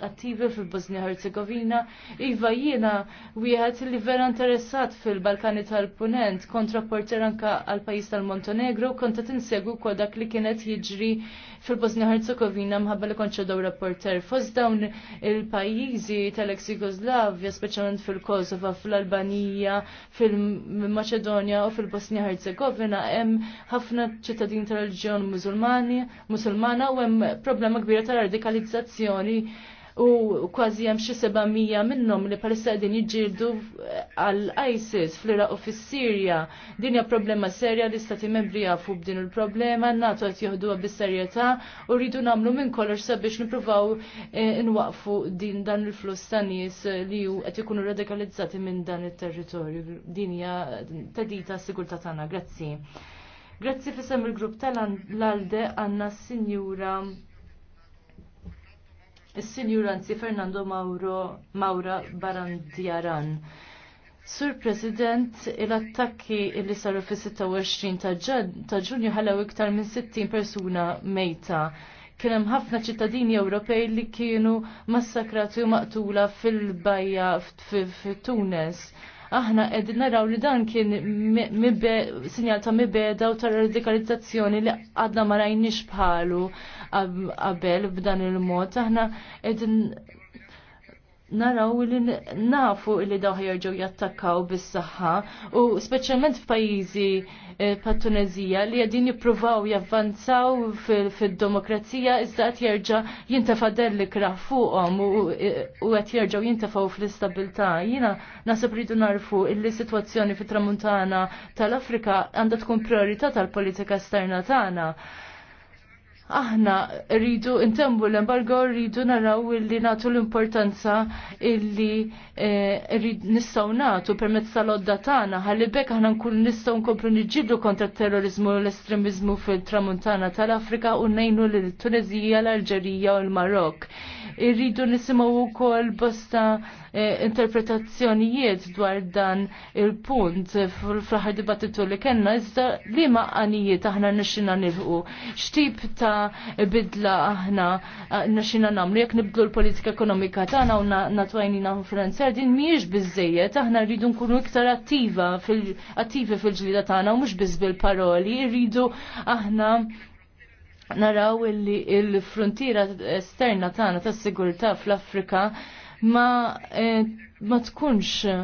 attivi fil-Bosnia Herzegovina. Iva jiena wieħed li vera interessat fil-Balkani tal-Punent kontra porter anka għal pajjiż tal-Montenegro konta tinsegu kol dak li kienet jiġri fil-Bosnia Herzegovina mħabba li konċa dawra rapporter. Fos dawn il-pajjiżi tal-ex Jugoslavja, speċjalment fil-Kosova, fil-Albanija, fil-Maċedonija, maċedonja u fil-Bosnia Herzegovina hemm ħafna ċittadini tal-reġjon Musulmani, Musulmana u hemm problema kbira tal radikalizzazzjoni u kważi hemm xi mija minnhom li palissa qegħdin jiġġieldu għal ISIS fl-Iraq u fis-Sirja. Din hija problema serja li stati membri jafu b'din il-problema, nagħtu qed jieħduha bis-serjetà u rridu nagħmlu minn kollox sabiex nippruvaw inwaqfu eh, din dan il-fluss ta' nies li qed ikunu radikalizzati minn dan it-territorju. Din hija tedita s-sigurtà tagħna. Grazzi. Grazzi fissem il-grupp tal-Alde għanna s-Sinjura is-Sinjuranzi Fernando Mauro Maura Barandjaran. Sur President, il-attakki li saru fi 26 ta' ġunju ħalaw iktar minn 60 persuna mejta. Kien hemm ħafna ċittadini Ewropej li kienu massakrati u maqtula fil-bajja fit-Tunes aħna qegħdin naraw li dan kien sinjal ta' mibeda u ta' radikalizzazzjoni li għadna ma rajniex bħalu qabel b'dan il-mod. Aħna qegħdin naraw li nafu li daw ġew jattakkaw bis-saħħa u speċjalment f'pajjiżi Eh, pat-Tunezija li għadin jipruvaw javvanzaw fil-demokrazija iżda għat jirġa jintafa dellikra fuqom u eh, għat jirġaw jintafaw fil stabilta Jina nasib rridu narfu illi situazzjoni fit-tramuntana tal-Afrika għanda tkun priorità tal-politika esterna tagħna. Ta aħna rridu intembu l-embargo rridu naraw illi natu l-importanza illi eh, rrid nistaw natu permezz tal-odda tagħna ħalli bekk aħna nkun nistgħu nkomplu niġġieldu kontra terrorizmu u l-estremizmu fil-tramuntana tal-Afrika u nejnu l Tunezija, l-Alġerija u l-Marok irridu nisimgħu wkoll bosta eh, interpretazzjonijiet dwar dan il-punt fl-aħħar dibattitu li kellna iżda li ma qanijiet aħna nixxina nilħu. X'tip ta' bidla aħna eh, nixxina nagħmlu jekk nibdlu l-politika ekonomika tagħna u natwajnina finanzjar din mhijiex bizzejiet, aħna rridu nkunu iktar attiva fil-attivi fil-ġlida tagħna u mhux biss bil-paroli, rridu aħna naraw illi il-frontiera esterna tagħna tas-sigurtà fl-Afrika ma, eh, ma tkunx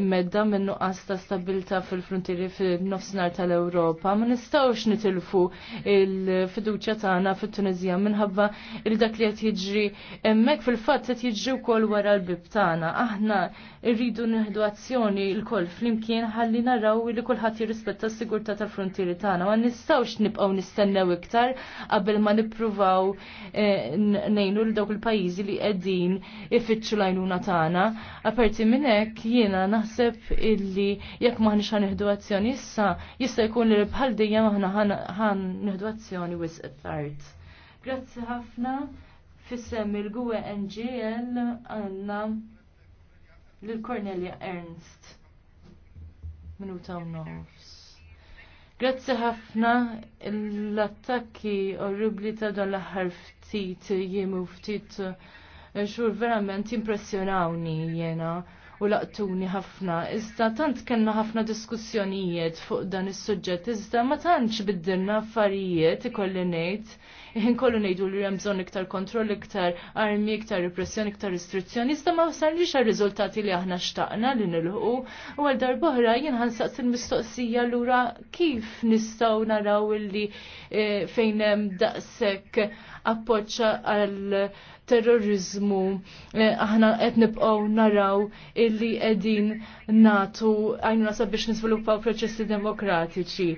medda minn nuqqas ta' stabilta fil-frontieri fil-nofsinhar tal-Ewropa. Ma nistgħux nitilfu il-fiduċja tagħna fit-Tunizija minħabba il dak li qed jiġri hemmhekk fil-fatt qed jiġri wkoll wara l-bib tagħna. Aħna rridu nieħdu azzjoni koll flimkien ħalli naraw li kulħadd jirrispetta s-sigurtà tal-frontieri tagħna. Ma nistgħux nibqgħu nistennew iktar qabel ma nippruvaw eh, ngħinu l dawk il-pajjiżi li qegħdin ifittxu l-għajnuna tagħna. Aperti minn hekk jiena naħseb illi jekk maħniex ħniex nieħdu azzjoni issa, jista' jkun li bħal dejjem aħna ħan nieħdu azzjoni wisq tard. Grazzi ħafna fissem il-gwe NGL għanna l-Cornelia Ernst. Minuta u nofs. Grazzi ħafna l-attakki orribli ta' dan l-aħħar ftit jiemu ftit eh, xur verament impressjonawni jena u laqtuni ħafna. Iżda tant kellna ħafna diskussjonijiet fuq dan is-suġġett, iżda ma tantx biddilna affarijiet ikolli ngħid. Ħin kollu ngħidu li hemm bżonn iktar kontroll, iktar armi, iktar repressjoni, iktar restrizzjoni, iżda ma sarniex għar-riżultati li aħna xtaqna li nilħu. U għal darb'oħra jien ħansaqs il-mistoqsija lura kif nistgħu naraw illi eh, fejn hemm daqshekk appoġġa għal terrorizmu eh, aħna qed nibqgħu naraw illi qegħdin natu nasab sabiex niżviluppaw proċessi demokratiċi.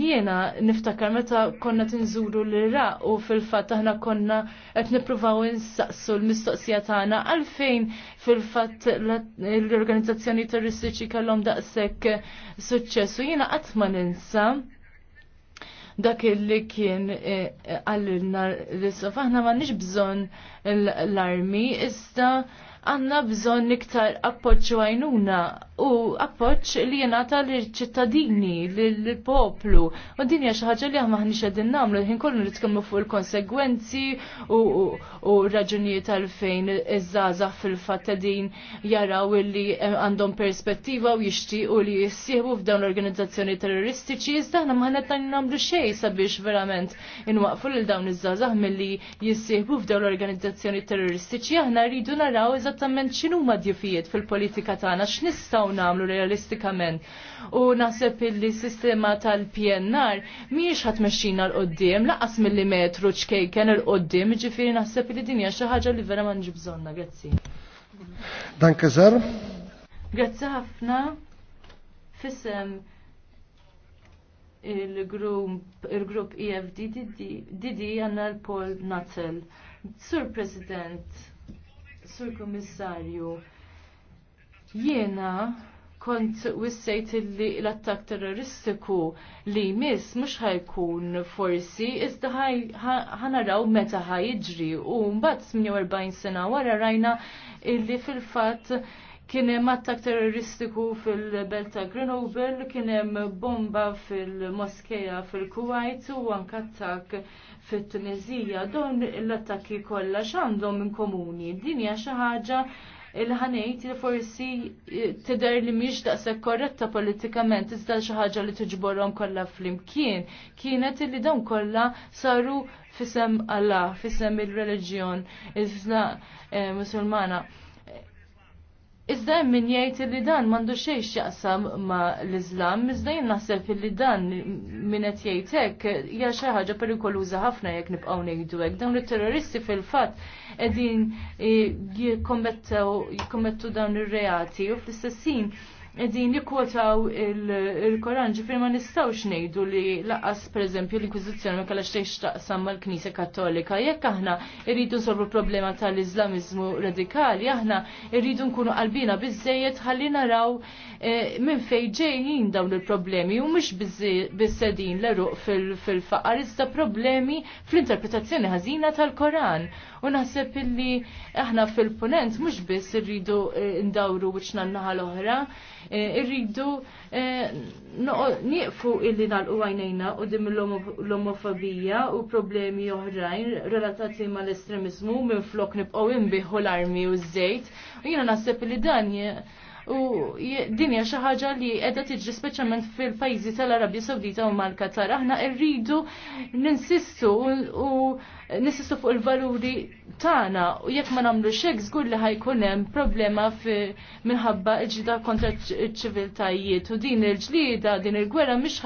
Jiena niftakar meta konna tinżuru l-Iraq u fil-fatt aħna konna qed nippruvaw insaqsu l-mistoqsija tagħna għalfejn fil-fatt l-organizzazzjoni terroristiċi kellhom daqshekk suċċessu. Jiena qatt ma ninsa dak li kien eh, eh, għallilna l-isof. Aħna ma nix bżon l-armi, issa għanna bżon iktar appoċ għajnuna u appoċ li jenata li ċittadini l-poplu. U dinja xaħġa xi ħaġa li aħna ħniex qegħdin nagħmlu ħin kollu nitkellmu fuq il-konsegwenzi u raġunijiet għalfejn iż-żgħażagħ fil fattadin jaraw li għandhom perspettiva u jixtiequ li jissieħbu f'dawn l-organizzazzjoni terroristiċi iżda aħna ma ħanet nagħmlu xej sabiex verament inwaqfu lil dawn iż-żgħażagħ milli jissieħbu f'dawn l-organizzazzjoni terroristiċi aħna rridu naraw eżatt esattament xinu ma djufijiet fil-politika tagħna x'nistgħu nagħmlu realistikament. U naħseb illi sistema tal-PNR mhijiex ħadd mexxina l-qoddim, laqas millimetru ċkejken il-qoddim, ġifiri naħseb illi din hija xi ħaġa li vera ma nġib bżonna, grazzi. Dan Kazar. Grazzi ħafna. Fissem il-grupp EFDDD għanna l-Pol Natel. Sur President, Sur Kommissarju, jiena kont wissejt li l-attak terroristiku li mis mux ħajkun forsi, iżda ħanaraw meta ħajġri u mbagħad 48 sena wara rajna illi fil-fatt kien hemm attak terroristiku fil-belt ta' Grenoble, kien hemm bomba fil-moskeja fil-Kuwait u anke attak fit-Tunezija dawn l-attakki kollha x'għandhom minn komuni. Din hija xi ħaġa il ħanejt li forsi eh, tidher li mhix daqshekk korretta politikament iżda xi ħaġa li tiġborhom kollha flimkien kienet li dawn kollha saru fisem Allah, fisem il-reliġjon, iżda eh, musulmana. Iżda hemm min jgħid li dan m'għandu xejn x'jaqsam ma' l-Iżlam, iżda jien naħseb li dan min qed jgħid hekk hija xi ħaġa perikoluża ħafna jekk nibqgħu ngħidu hekk. Dawn it-terroristi fil-fatt qegħdin jikkommettew, jikkommettu dawn ir-reati u fl-istess edin jikwotaw il-Koran ġifir ma nistawx nejdu li laqas per eżempju l-Inkwizizjoni ma kallax tgħix taqsam mal-Knisja Kattolika. Jekk aħna irridu nsolvu problema tal-Iżlamizmu radikali, aħna irridu nkunu qalbina biżejjed ħalli naraw e, minn fejn ġejjin dawn il-problemi u mhux bis-sedin l-eruq fil-faqar iżda problemi fl-interpretazzjoni ħażina tal-Koran. U naħseb illi aħna fil-punent mhux biss irridu eh, ndawru wiċna n-naħa l-oħra, eh, irridu eh, nieqfu illi nagħlqu għajnejna u dim l-omofobija u problemi oħrajn relatati mal-estremizmu minn flok nibqgħu inbiħu l-armi u żejt U jiena naħseb illi dan U dinja xi ħaġa li qiegħda tiġi speċjalment fil-pajjiżi tal-Arabja Sawdita u Malka tara aħna rridu ninsistu u nisistu fuq il-valuri tagħna u jekk ma nagħmlu xek żgur li ħajkun hemm problema minħabba l-ġida kontra ċ-ċiviltajiet u din il-ġlida din il-gwerra mhix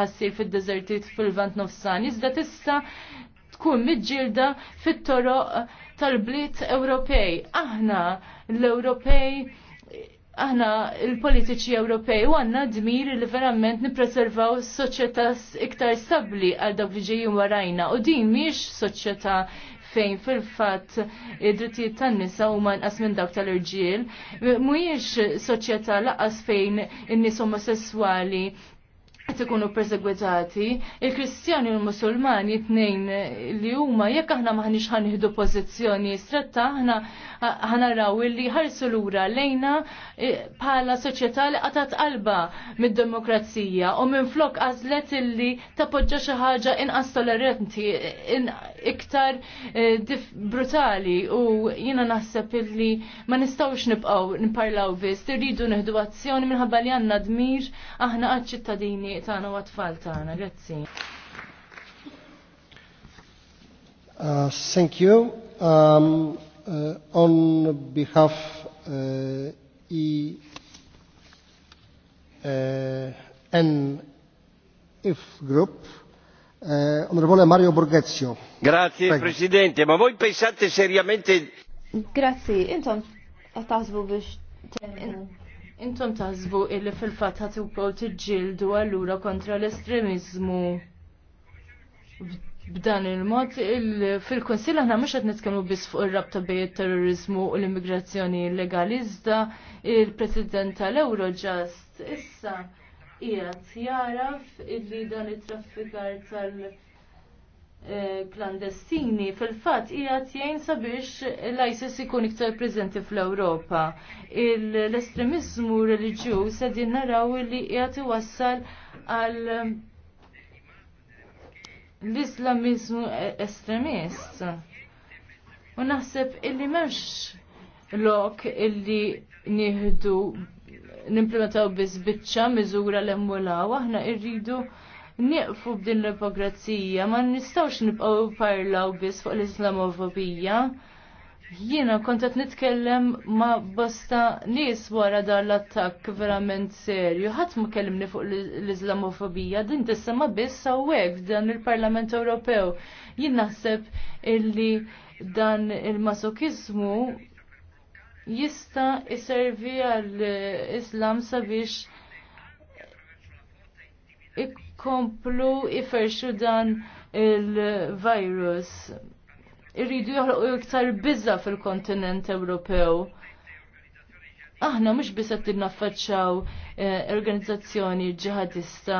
ħassir fid-deżertit fil-vant nofsan, iżda tista' tkun miġġilda fit-toroq tal-bliet Ewropej. Aħna l-Ewropej aħna il-politiċi Ewropej u għanna dmir li verament nipreservaw soċjetà iktar stabli għal dawk li ġejjin warajna u din miex soċjetà fejn fil-fatt id-drittijiet tan-nisa huma inqas minn dawk tal-irġiel, mhuwiex soċjetà laqas fejn in-nies omosessuali qed ikunu persegwitati, il-Kristjani u l-Musulmani tnejn li huma jekk aħna maħniex ħanħidu pożizzjoni stretta aħna ħanaraw li ħarsu lura lejna e, bħala soċjetà li qatat qalba mid-demokrazija u minn flok għażlet illi tappoġġa xi ħaġa inqas toleranti, iktar e, brutali u jiena naħseb illi ma nistgħux nibqgħu nipparlaw biss, irridu nieħdu azzjoni minħabba li għandna dmir aħna għad ċittadini it tagħna u għatfall tfal tagħna. Grazzi. Uh, thank you. Um, uh, on behalf uh, E uh, N IF Group, uh, onorevole Mario Borghezio. Grazie Prego. Presidente, ma voi pensate seriamente... Grazie, a tasbo biex... Intom taħsbu illi fil-fat ħatu prow tiġġildu għallura kontra l-estremizmu b'dan il-mod fil-Konsil aħna mhux qed nitkellmu biss fuq ir-rabta bejn it-terrorizmu u l-immigrazzjoni illegalizda il-President tal-Eurojust issa qiegħed jaraf illi dan it-traffikar tal- Eh, klandestini fil-fat qiegħed jgħin sabiex l-ISIS ikun iktar preżenti fl-Ewropa. L-estremizmu reliġjuż sedin naraw li qiegħed iwassal għal eh, l-Islamizmu eh, estremist. U naħseb illi m'hemmx lok illi nieħdu nimplementaw biss biċċa miżura l emmula aħna irridu nieqfu b'din l-ipokrazija, ma nistawx nibqgħu parlaw biss fuq l-Islamofobija. Jiena kont qed nitkellem ma' bosta nies wara dan l-attakk verament serju. Ħadd ma kellimni fuq l-Islamofobija, din tisema biss hawnhekk f'dan il-Parlament Ewropew. Jien naħseb illi dan il-masokizmu jista' isservi għall-Islam sabiex komplu iferxu dan il-virus. Irridu joħloqu iktar bizza fil-kontinent Ewropew. Aħna mhux biss qed naffaċċaw eh, organizzazzjoni ġihadista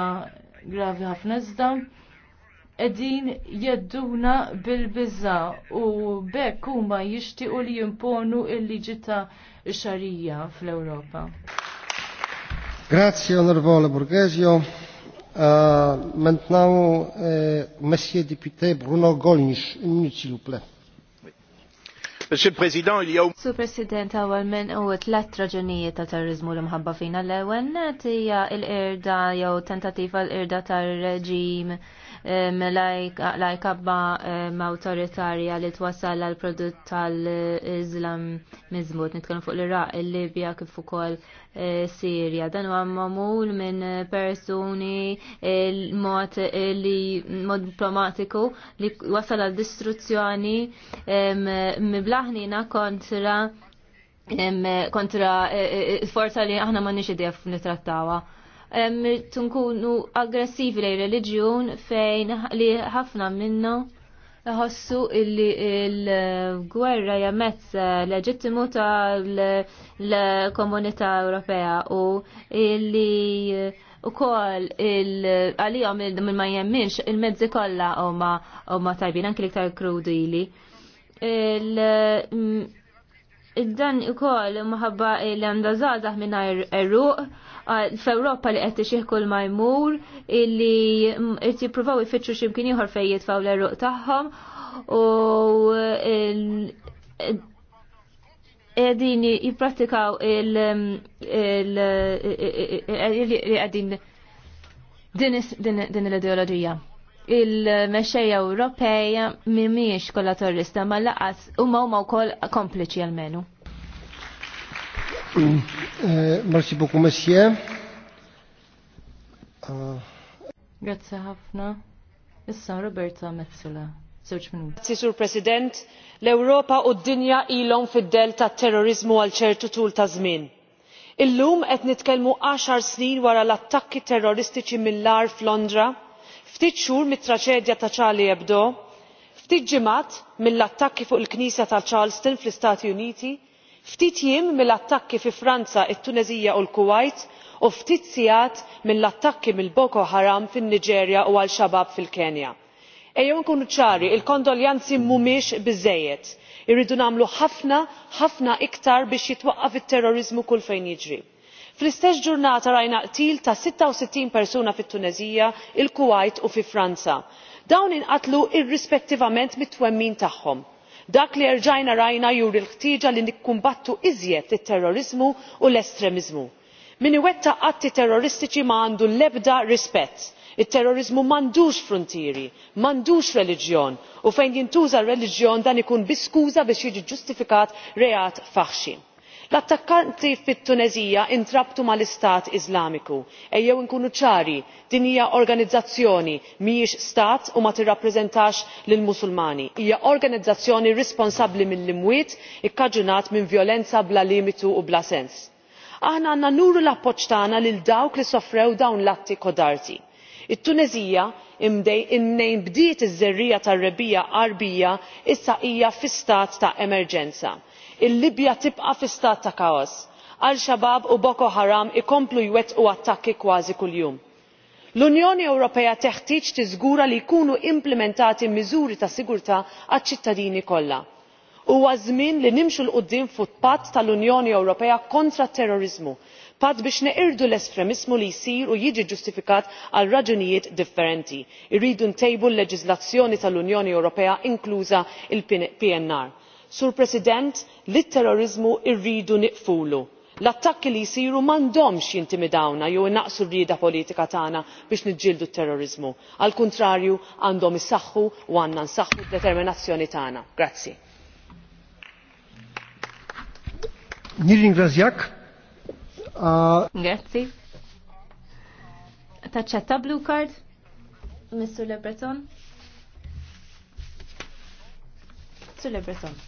gravi ħafna iżda edin jedduna bil-bizza u bekk huma jixtiequ li jimponu il-liġi ta' xarija fl-Ewropa. Grazie onorevole Borghesio. Euh, maintenant, euh, Monsieur le député Bruno Golnisch, une minute s'il vous plaît. Monsieur le Président, il y a... Su President, għawel minn u tlet raġunijiet ta' terrorizmu li mħabba fina l-ewen, tija il-irda jew tentativa l-irda tar reġim lajkabba autoritarja li twassal għal prodott tal-Islam mizmut, nitkellem fuq l-Iraq, il-Libja kif ukoll e, Sirja. Dan huwa mamul minn persuni mod li mod diplomatiku li wasal għal distruzzjoni miblaħnina kontra kontra e, e, forza li aħna ma nix idea nitrattawa tunkunu aggressivi lej reliġjun fejn li ħafna minna ħossu illi il-gwerra jammezz leġittimu tal-komunità Ewropea u illi u kol għalijom il ma jemminx il-mezzi kolla u ma, ma tajbin anki liktar krudili. Mm, Dan u kol maħabba il-għanda zazah minn eruq f'Ewropa li qed tixih kull ma jmur illi qed jippruvaw ifittxu x'imkien ieħor fejn jitfgħu l-eruq tagħhom u qegħdin jippratikaw il-qegħdin din l-ideoloġija il-mexxejja Ewropejja mimiex kollha torrista ma laqas huma huma wkoll kompliċi għal-menu. Euh, merci beaucoup, monsieur. Euh, Grazie ħafna. Issa Roberta Metzula. Grazie, Sur President. L-Ewropa u d-dinja ilhom fid-del tat-terrorizmu għal ċertu tul ta' żmien. Illum qed nitkellmu għaxar snin wara l-attakki terroristiċi mill lar f'Londra, ftit xhur mit-traċedja ta' Charlie Hebdo, ftit ġimgħat mill-attakki fuq il knisja ta' Charleston fl-Istati Uniti, ftit jiem mill attakki fi franza it tuniżija u l kuwait u ftit sigħat mill attakki mill boko haram fin niġerja u għal xabab fil kenja. ejjew nkunu ċari il kondoljanzi mhumiex biżżejjed irridu nagħmlu ħafna ħafna iktar biex jitwaqqaf it terrorizmu kull fejn jiġri. fl istess ġurnata rajna qtil ta' 66 persuna fit tuniżija il kuwait u fi franza dawn inqatlu irrispettivament mit twemmin tagħhom dak li rġajna rajna juri l-ħtieġa li nikkumbattu iżjed it terrorizmu u l estremiżmu. min iwettaq atti terroristiċi ma għandu l-ebda rispett it terrorizmu m'għandux fruntieri m'għandux reliġjon u fejn jintuża r reliġjon dan ikun bi skuża biex jiġi ġustifikat reat faħxi l-attakkanti fit tunezija intrabtu mal istat iżlamiku ejjew inkunu ċari din hija organizzazzjoni mhijiex stat u ma tirrappreżentax lill musulmani hija organizzazzjoni responsabbli mill-imwiet ikkaġunat minn vjolenza bla limitu u bla sens. aħna għandna nuru l-appoġġ tagħna lil dawk li sofrew dawn l-atti kodarti. it tunezija minn bdiet iż żerriegħa tar rebbiegħa qarbija issa hija fi stat ta' emerġenza il libja tibqa' fi stat ta' kaos al shabab u boko haram ikomplu jwettqu attakki kważi kuljum. l-unjoni ewropea teħtieġ tiżgura li jkunu implementati miżuri ta' sigurtà għaċ-ċittadini kollha. huwa żmien li nimxu l quddiem fuq patt tal-unjoni ewropea kontra t terrorizmu patt biex neqirdu l estremismu li jsir u jiġi ġustifikat għal raġunijiet differenti. irridu ntejbu l leġiżlazzjoni tal-unjoni ewropea inkluża il pnr sur president li terrorizmu rridu nieqfulu l-attakki li jsiru m'għandhomx jintimidawna jew inaqqsu r-rieda politika tagħna biex niġġieldu t-terrorizmu għal kuntrarju għandhom isaħħu u għandna nsaħħu d-determinazzjoni tagħna. Grazzi. Nirringrazzjak. Ah, Grazzi. Taċċetta blue card? Mr. Lebreton? Mr. Lebreton.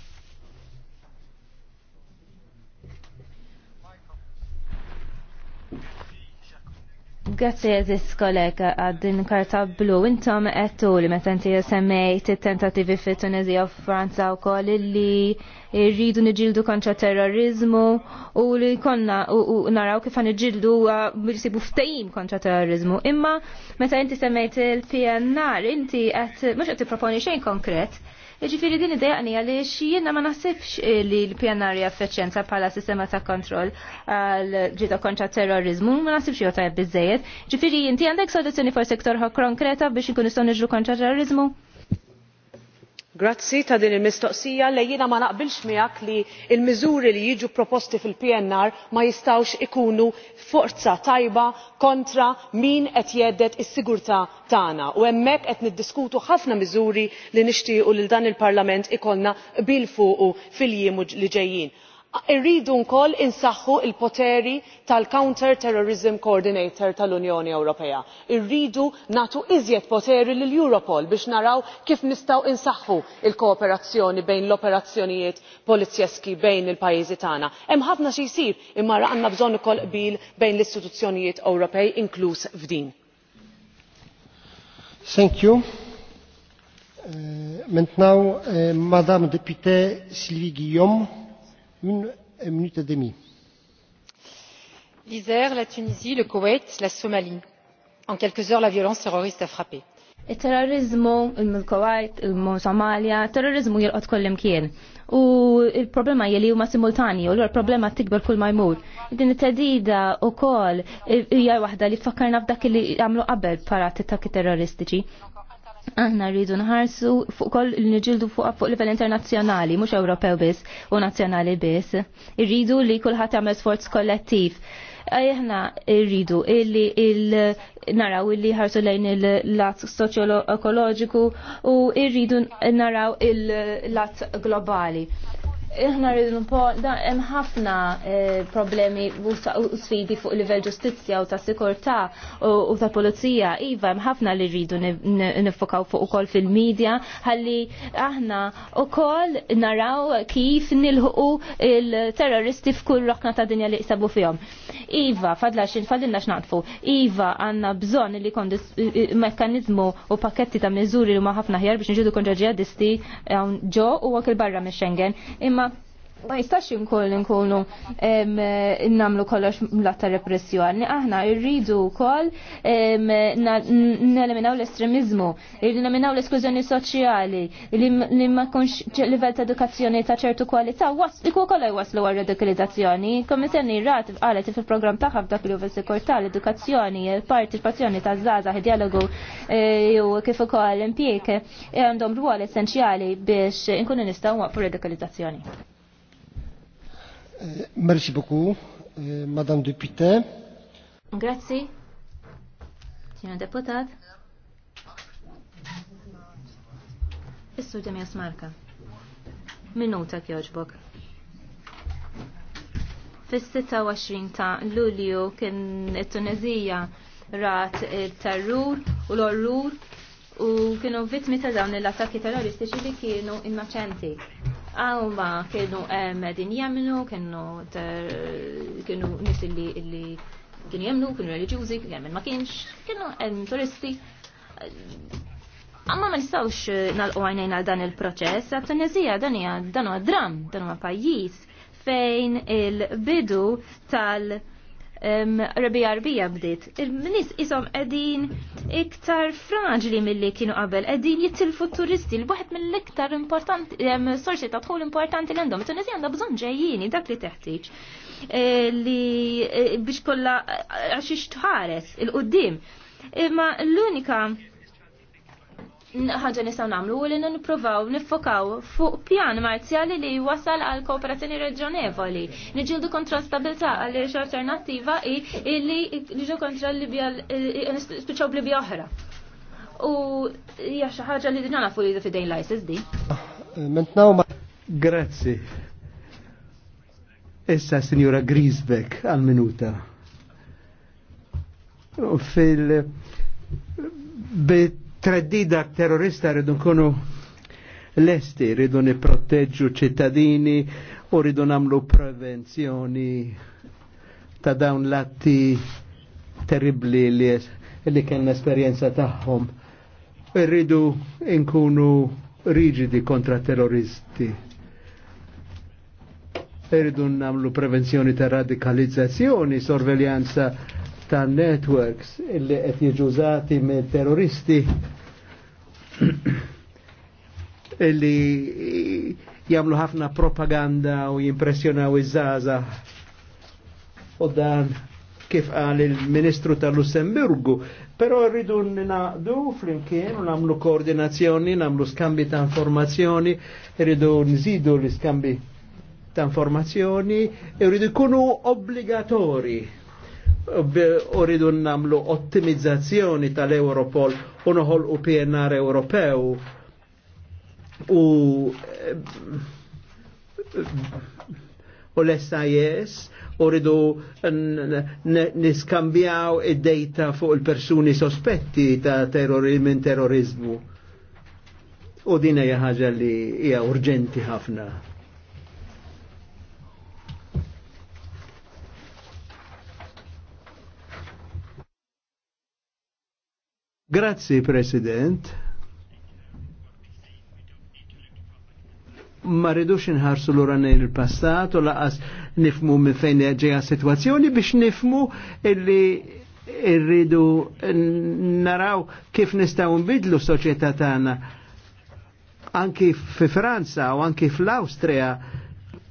Grazie eżis kollega din karta blu. Intom għettu li meta inti semmejt tentativi fit Tunizija u Franza o koll li rridu niġildu kontra terrorismo, u li konna u naraw kif għan niġildu bisibu ftajim kontra terrorizmu. Imma meta inti semmejt il-PNR, inti għet, mux te proponi xejn konkret, Ġifiri din idejaqni għaliex jiena ma naħsibx eh, li l-PNR jaffeċenza bħala sistema ta' kontroll għal ġita kontra terrorizmu, ma naħsibx jgħu tajjeb bizzejet. Ġifiri inti għandek soluzzjoni for sektor konkreta biex nkun nistgħu niġru kontra terrorizmu? grazzi ta' din il-mistoqsija li jiena ma naqbilx miegħek li l miżuri li jiġu proposti fil-pnr ma jistgħux ikunu forza tajba kontra min qed jgħeddet is-sigurtà tagħna u hemmhekk qed niddiskutu ħafna miżuri li nixtiequ lil dan il parlament ikollna qbil fuqu fil jiem li ġejjin irridu wkoll insaħħu l poteri tal counter terrorism coordinator tal unjoni ewropea irridu nagħtu iżjed poteri lil europol biex naraw kif nistgħu insaħħu l kooperazzjoni bejn l-operazzjonijiet polizjeski bejn il-pajjiżi tagħna. hemm ħafna xi jsir imma għandna bżonn ukoll qbil bejn l-istituzzjonijiet ewropej inkluż f'din. Thank you. Uh, Maintenant, uh, Madame députée Sylvie Guillaume l'isère la tunisie le koweït la somalie en quelques heures la violence terroriste a frappé. Il-terrorizmu, il-Kuwait, il-Somalia, terrorizmu jirqot kollim kien. U il-problema jeli huma simultani, u l-problema tikber kull ma jmur. Din it-tedida u kol hija waħda li fakkarna f'dak li għamlu qabel parati ta' terroristiċi. Aħna rridu nħarsu fuq koll nġildu fuq fuq livell internazzjonali, mhux Ewropew biss u nazzjonali biss. Irridu li kulħadd jagħmel sforz kollettiv. Aħna rridu illi il naraw illi ħarsu lejn il-lat soċjolo-ekoloġiku u rridu naraw il-lat globali. Iħna rridu da hemm ħafna eh, problemi u sfidi fuq livell ġustizzja u ta' sikurtà u ta' pulizija. Iva hemm ħafna li rridu nifokaw fuq ukoll fil-medja ħalli aħna ukoll naraw kif nilħu il-terroristi f'kull roħna ta' dinja li jsabu fihom. Iva, fadla xin fadilna x'naqfu. Iva għandna bżonn li kondi mekanizmu u pakketti ta' miżuri li ma ħafna ħjar biex nġidu kontra ġihadisti ġo u għakil barra me Schengen. Imma ma jistax inkoll nkunu namlu kollox mlatta repressjoni. Aħna irridu wkoll neliminaw l-estremizmu, n-eliminaw l-esklużjoni soċjali, li ma kunx livell ta' edukazzjoni ta' ċertu kwalità, ikun kollha jwaslu għal radikalizzazzjoni. Kommissjoni rat qalet fil-programm tagħha dak li huwa sikurtà l-edukazzjoni, il-partiċipazzjoni ta' żgħażagħ dialogu e, jew kif ukoll impjieg e, għandhom rwol essenzjali biex inkunu nistgħu waqfu radikalizzazzjoni. Eh, merci beaucoup, eh, Madame Dupité. Grazie, signor Deputat. Issu ġemja smarka. Minuta kjoġbok. Fis-26 ta' Lulju kien it-Tunezija rat il-terrur u l-orrur u kienu vittmi ta' dawn l-attakki terroristiċi li kienu innoċenti għawma kienu eh, din jemnu, kienu kienu nis li kienu jemnu, kienu religjuzi, kienu jemmen ma kienx, kienu eh, turisti. Għamma ma nistawx eh, nal għajnejn għal dan il-proċess, għabtanizija dan hija dan dram, dan huwa pajjiż fejn il-bidu tal- Rabbi Arbija bdiet. Il-nis isom edin iktar fraġli mill-li kienu qabel, edin jittilfu turisti, l-waħed mill-iktar importanti, sorsi ta' tħol importanti l-għandhom, Tunizija għanda bżon ġejjini, dak li teħtieġ e, li e, biex kolla għaxix tħares il-qoddim. Imma l-unika ħagġa nistgħu nagħmlu u li nippruvaw niffokaw fuq pjan marzjali li wasal għal kooperazzjoni reġjonevoli. Niġildu kontra stabilità għaliex alternattiva hi li nġildu kontra Libja spiċċaw b'Libja oħra. U jaxa xi ħaġa li dinja nafu li fidejn lajsis di. Eh, mentnaw ma Grazzi. Issa signora Grisbeck għal minuta. Fil bit treddida terrorista rridu nkunu lesti, rridu niprotteġġu ċittadini u rridu namlu prevenzjoni ta' dawn latti terribli li, li kellna esperienza tagħhom. Irridu nkunu rigidi kontra terroristi. Irridu namlu prevenzjoni ta' radikalizzazzjoni, sorveljanza ta' networks illi qed jiġużati minn terroristi <coughs> illi jagħmlu ħafna propaganda u jimpressjonaw iż żaża U dan kif qal il-Ministru tal-Lussemburgu, però rridu ninaqdu flimkien u nagħmlu koordinazzjoni, nagħmlu skambi ta' informazzjoni, rridu nżidu l-iskambi ta' informazzjoni, rridu jkunu obbligatori u namlu ottimizzazzjoni tal-Europol u noħol u PNR Ewropew u u l-SIS uridu niskambjaw id-dejta fuq il-persuni sospetti ta' terrorizmu terrorizmu u dina hija li hija urġenti ħafna. Grazzi, President. Ma ridux inħarsu l-ura il-passat u laqas nifmu minn fejn ġeja situazzjoni biex nifmu illi irridu naraw kif nistaw nbidlu soċjetà tagħna. Anki fi Franza u anki fl-Awstrija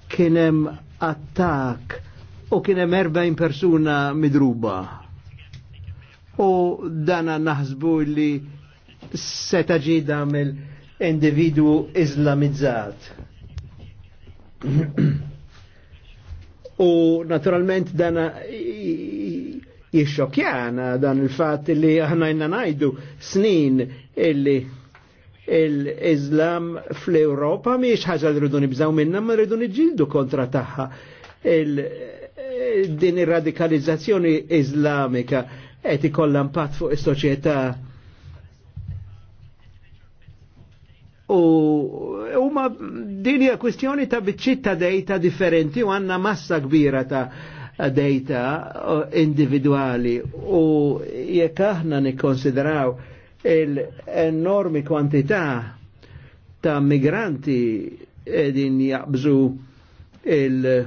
kien hemm attak u kien hemm 40 persuna midruba u dana naħsbu li seta ġida mill individu izlamizzat. u naturalment dana jixxokjana dan il-fat li aħna jna najdu snin illi l-Islam fl-Europa miex ħaġa li rridu nibżaw minna ma rridu nġildu kontra taħħa din ir-radikalizzazzjoni islamika qed ikollha pat fuq is-soċjetà u huma din hija kwistjoni ta' biċċiet dejta differenti u għanna massa kbira ta' dejta individuali u jekk aħna nikkonsidraw il-enormi kwantità ta' migranti edin jaqbżu il-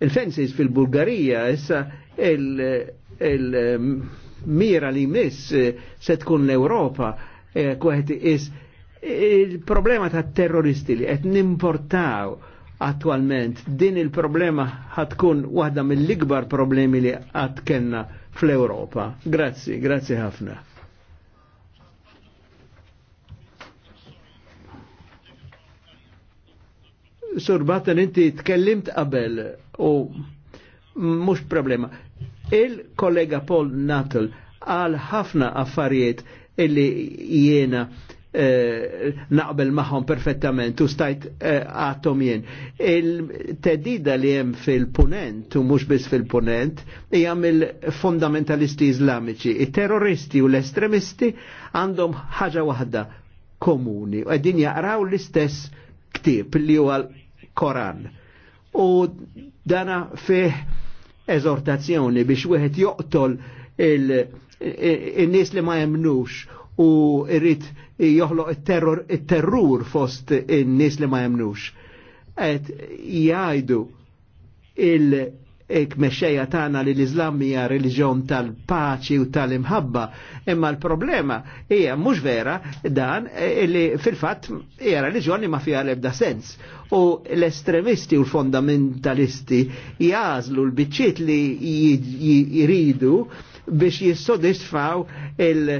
il-fences fil-Bulgarija, issa il- il-mira li miss eh, se tkun l-Europa eh, is il-problema ta' terroristi li qed nimportaw attualment din il-problema ħatkun waħda mill-ikbar problemi li għat kenna fl-Europa. Grazzi, grazzi ħafna. Sur Batten, inti tkellimt qabel u mux problema. Il-kollega Paul Nuttall għal ħafna affarijiet illi jiena eh, naqbel maħom perfettament u stajt eh, għatom eh, jien. Il-tedida li jem fil-punent u mux bis fil-punent jgħam il-fundamentalisti islamiċi. Il-terroristi u l-estremisti għandhom ħaġa wahda komuni u għedin jaqraw l-istess ktib li huwa l-Koran. U dana fih eżortazzjoni biex wieħed joqtol il-nies li ma jemnux u irrit joħloq il-terrur fost il-nies li ma jemnux. Et jgħidu il- meċeja tagħna li l-Iżlam hija reliġjon tal-paċi u tal-imħabba. Imma l-problema hija mhux vera dan e, li fil-fatt hija reliġjon li ma fiha l-ebda sens. U l-estremisti u l-fondamentalisti jażlu l-biċċiet li jiridu biex jissodisfaw il-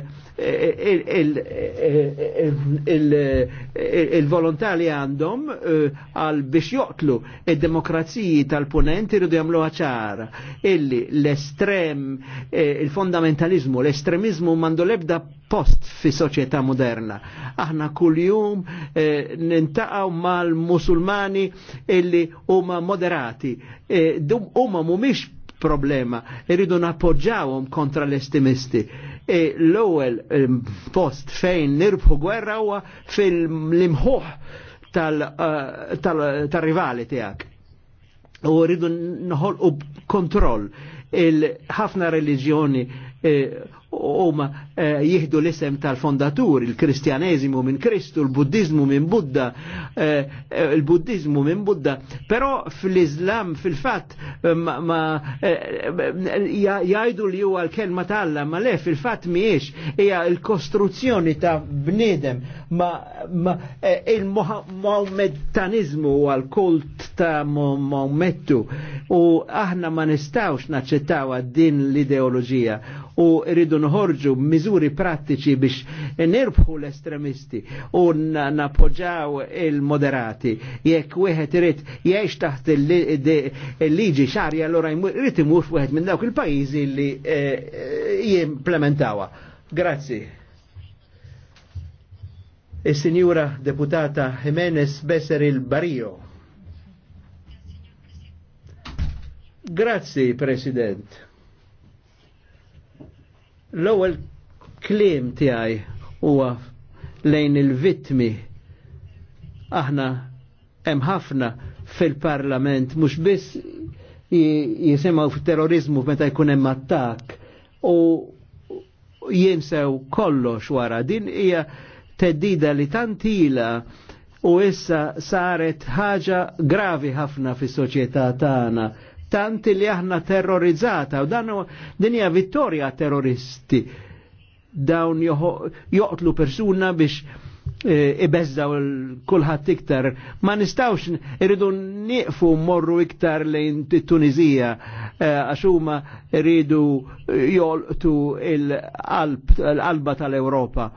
il-volontà li għandhom eh, għal biex joqtlu id-demokraziji tal-punent irridu jagħmlu ċara illi l-estrem eh, il-fondamentalizmu, l-estremizmu mandu lebda post fi soċjetà moderna. Aħna kuljum eh, nintaqgħu mal-Musulmani illi huma moderati. Eh, huma eh, mhumiex problema, irridu nappoġġawhom kontra l-estimisti. E l-ewwel post fejn nirbħu gwerra huwa fil limħuħ eh, tal-rivali tiegħek. U rridu noħolqu kontroll il-ħafna reliġjoni eh, huma jieħdu eh, jihdu l-isem tal-fondatur, il-kristjaneżimu minn Kristu, il-buddizmu minn Budda, eh, eh, il-buddizmu minn Budda, però fl-Islam fil-fatt ma, jajdu li huwa l-kelma tal-alla, ma le fil-fatt miex hija l-kostruzzjoni ta' bnidem ma, il-Mohammedanizmu huwa l-kult ta' Mahomettu u aħna ma nistawx naċċettaw din l-ideoloġija u rridu nħorġu miżuri prattiċi biex nirbħu l-estremisti u napoġaw il-moderati. Jekk wieħed irid jgħix taħt il-liġi xarja, allura jrid imur wieħed minn dawk il-pajjiżi li eh, eh, jimplementawa. Grazzi. Is-Sinjura Deputata Jimenez Besser il-Barrio. Grazie, Presidente. L-ewwel kliem tiegħi huwa lejn il-vittmi. Aħna hemm ħafna fil-parlament mhux biss jisimgħu fit-terrorizmu meta jkun hemm attak. u jinsew kollox wara. Din hija teddida li tantila u issa saret ħaġa gravi ħafna fis-soċjetà tagħna tant li aħna terrorizzata u dan dinja vittorja terroristi dawn joqtlu persuna biex eh, ibezzaw kulħadd iktar. Ma nistawx irridu nieqfu morru iktar lejn Tunizija eh, għax huma iridu eh, jolqtu l-qalba tal-Ewropa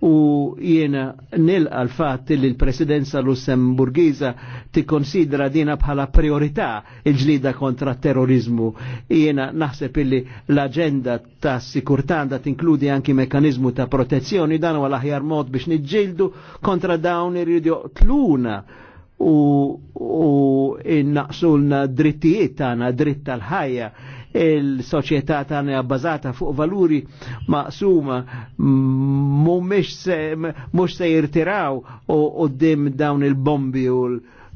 u jiena nilqa l-fatt li l-presidenza lussemburgiza tikkonsidra dina bħala priorità il-ġlida kontra terrorizmu. Jiena naħseb illi l-agenda ta' sikurtanda tinkludi anki mekanizmu ta' protezzjoni dan u l-aħjar mod biex niġġieldu kontra dawn irridu tluna u, u innaqsulna drittijiet tagħna dritt tal-ħajja il-soċjetà tagħna bbażata fuq valuri maqsuma mhumiex se mhux se jirtiraw u qudiem dawn il-bombi u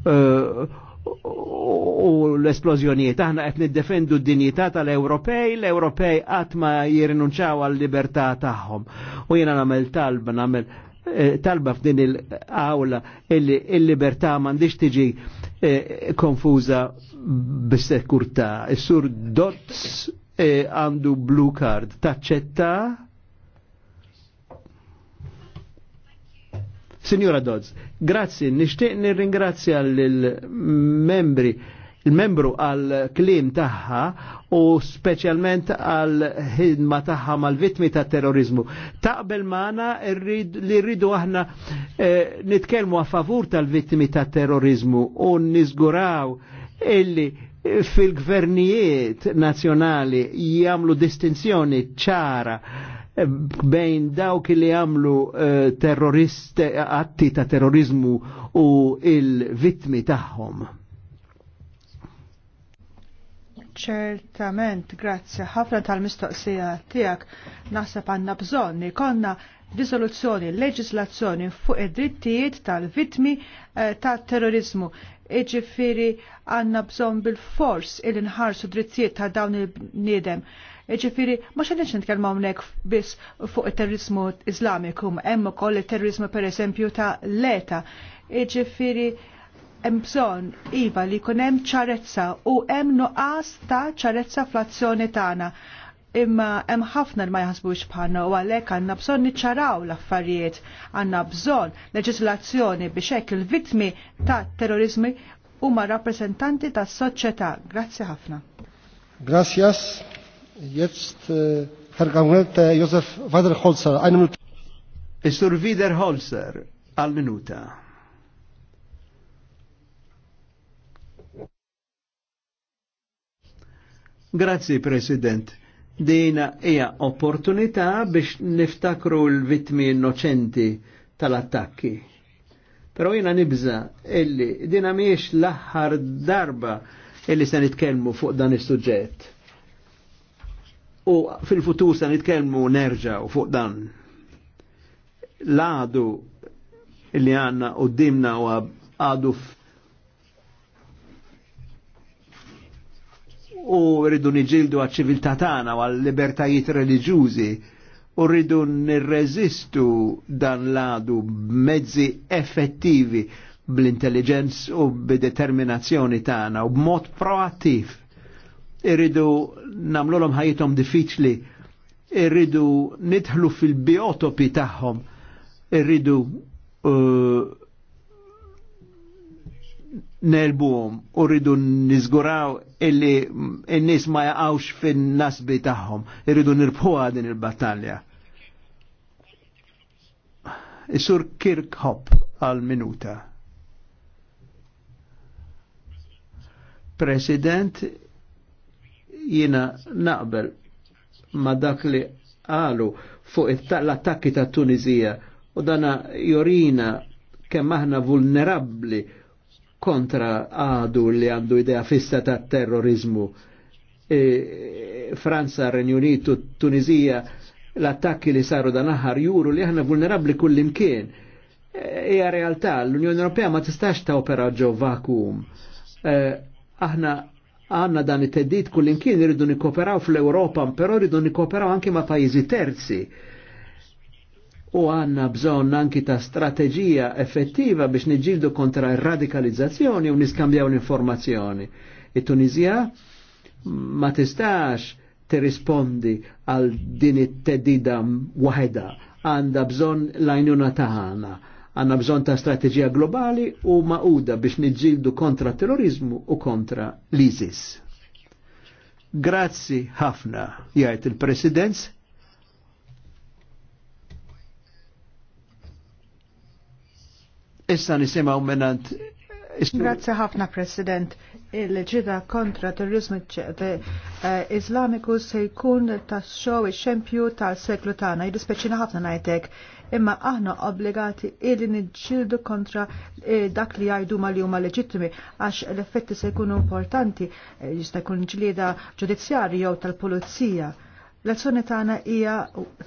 eh, u l-esplozjonijiet. Aħna qed niddefendu d-dinjità tal-Ewropej, l-Ewropej qatt ma jirinunċaw għal-libertà tagħhom. U jiena nagħmel talba, nagħmel eh, talba f'din il-awla il-libertà mandiġ tiġi eh, konfuza b'sekurta. Is-sur Dots e, għandu e blue card. Taċċetta? Signora Dodds, grazzi, nishtiq nirringrazzja l-membri, l-membru għal-klim taħħa u specialment għal-ħidma taħħa mal-vitmi ta' terrorizmu. Taqbel maħna li rridu aħna eh, nitkelmu a favur tal-vitmi ta' terrorizmu u nizguraw illi fil-gvernijiet nazjonali jamlu distinzjoni ċara eh, bejn dawk li jamlu eh, terrorist, atti ta' terrorizmu u il-vitmi tagħhom. ċertament, grazzi ħafna tal-mistoqsija tijak naħseb għanna bżonni konna risoluzzjoni, leġislazzjoni fuq id-drittijiet tal-vitmi eh, tal terrorizmu. Iġifiri għanna bżon bil-fors il-inħarsu drittijiet ta' dawn il-nidem. Iġifiri, ma xedinx nitkellmu hawnhekk biss fuq it-terrorizmu Islamiku, hemm ukoll it-terrorizmu pereżempju ta' leta. Iġifiri, hemm bżonn iva li jkun hemm ċarezza u hemm nuqqas ta' ċarezza fl-azzjoni tagħna imma hemm ħafna li ma jaħsbux bħalna u għalhekk għandna bżonn niċċaraw l-affarijiet, għandna bżonn leġislazzjoni biex hekk il-vittmi ta' terrorizmi huma rappresentanti tas soċjetà. Grazzi ħafna. Gracias. Jetzt eh, Herr eh, Josef Waderholzer, eine Minute. Isur eh, Wiederholzer, al minuta. Grazzi, Presidente. Dina hija opportunità biex niftakru l-vittmi innoċenti tal-attakki. Pero jina nibza illi dina miex l-aħħar darba illi se nitkellmu fuq dan is-suġġett. U fil-futur se nitkellmu nerġaw fuq dan. L-għadu illi għanna u dimna u għadu u rridu niġildu għal-ċiviltà tagħna u għal-libertajiet reliġjużi u rridu nirreżistu dan l-għadu b'mezzi effettivi bl-intelligenz u b'determinazzjoni tagħna u b'mod proattiv. Irridu nagħmluhom ħajjithom diffiċli, irridu nidħlu fil-biotopi tagħhom, irridu uh, nelbuhom u rridu nizguraw illi n-nis ma jaqawx fin-nasbi tagħhom. Irridu nirbħuha din il-battalja. Isur Hop għal minuta. President, jina naqbel ma dak li għalu fuq l-attakki ta' Tunizija u dana jorina kemm aħna vulnerabli kontra għadu li għandu idea fissa ta' terrorizmu. E, Franza, Renju Unitu, Tunizija, l-attakki li saru dan aħar juru li aħna vulnerabli kullimkien. E, Hija e, realtà, l-Unjoni Ewropea ma tistax ta' opera ġo vakum. E, aħna għanna dan it-teddit kullimkien irridu nikoperaw fl-Europa, però rridu nikoperaw anke ma' pajjiżi terzi u għanna bżon anki ta' strategija effettiva biex niġildu kontra radikalizzazzjoni u niskambjaw l-informazzjoni. It-Tunizija ma tistax tirrispondi għal din it-tedida waħda għanda bżon lajnuna taħana għanna bżon ta' strategija globali u maquda biex nġildu kontra terrorizmu u kontra l-ISIS. Grazzi ħafna, jgħajt il-Presidenz, Issa nisimaw minnant Grazie ħafna, President. Il-ġida kontra terrorizmu eh, islamiku se jkun tas xow xempju tal-seklu tagħna. Jidispeċina ħafna najtek, imma aħna obbligati illi niġġieldu kontra eh, dak li jgħidu ma li huma leġittimi għax l-effetti se jkunu importanti eh, jista' jkun ġlieda ġudizzjarji jew tal-pulizija. L-azzjoni tagħna hija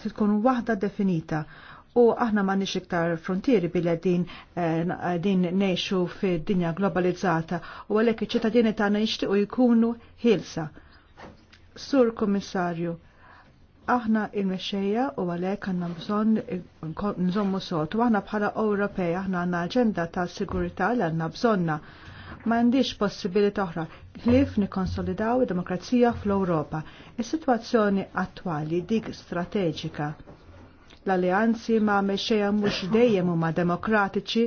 tkun waħda definita u aħna ma nix iktar frontieri bil din eh, din neħxu fi dinja globalizzata u għalek iċ-ċittadini tagħna jixtiequ jkunu ħilsa. Sur Kommissarju, aħna il-mexxejja u għalhekk għandna bżonn nżommu sot u aħna bħala Ewropej aħna għandna aġenda ta' sigurità li għandna bżonna. Ma għandix possibilità oħra kif nikkonsolidaw id-demokrazija fl-Ewropa. Is-sitwazzjoni attwali dik strateġika L-alleanzi ma' mexxejja mhux dejjem huma demokratiċi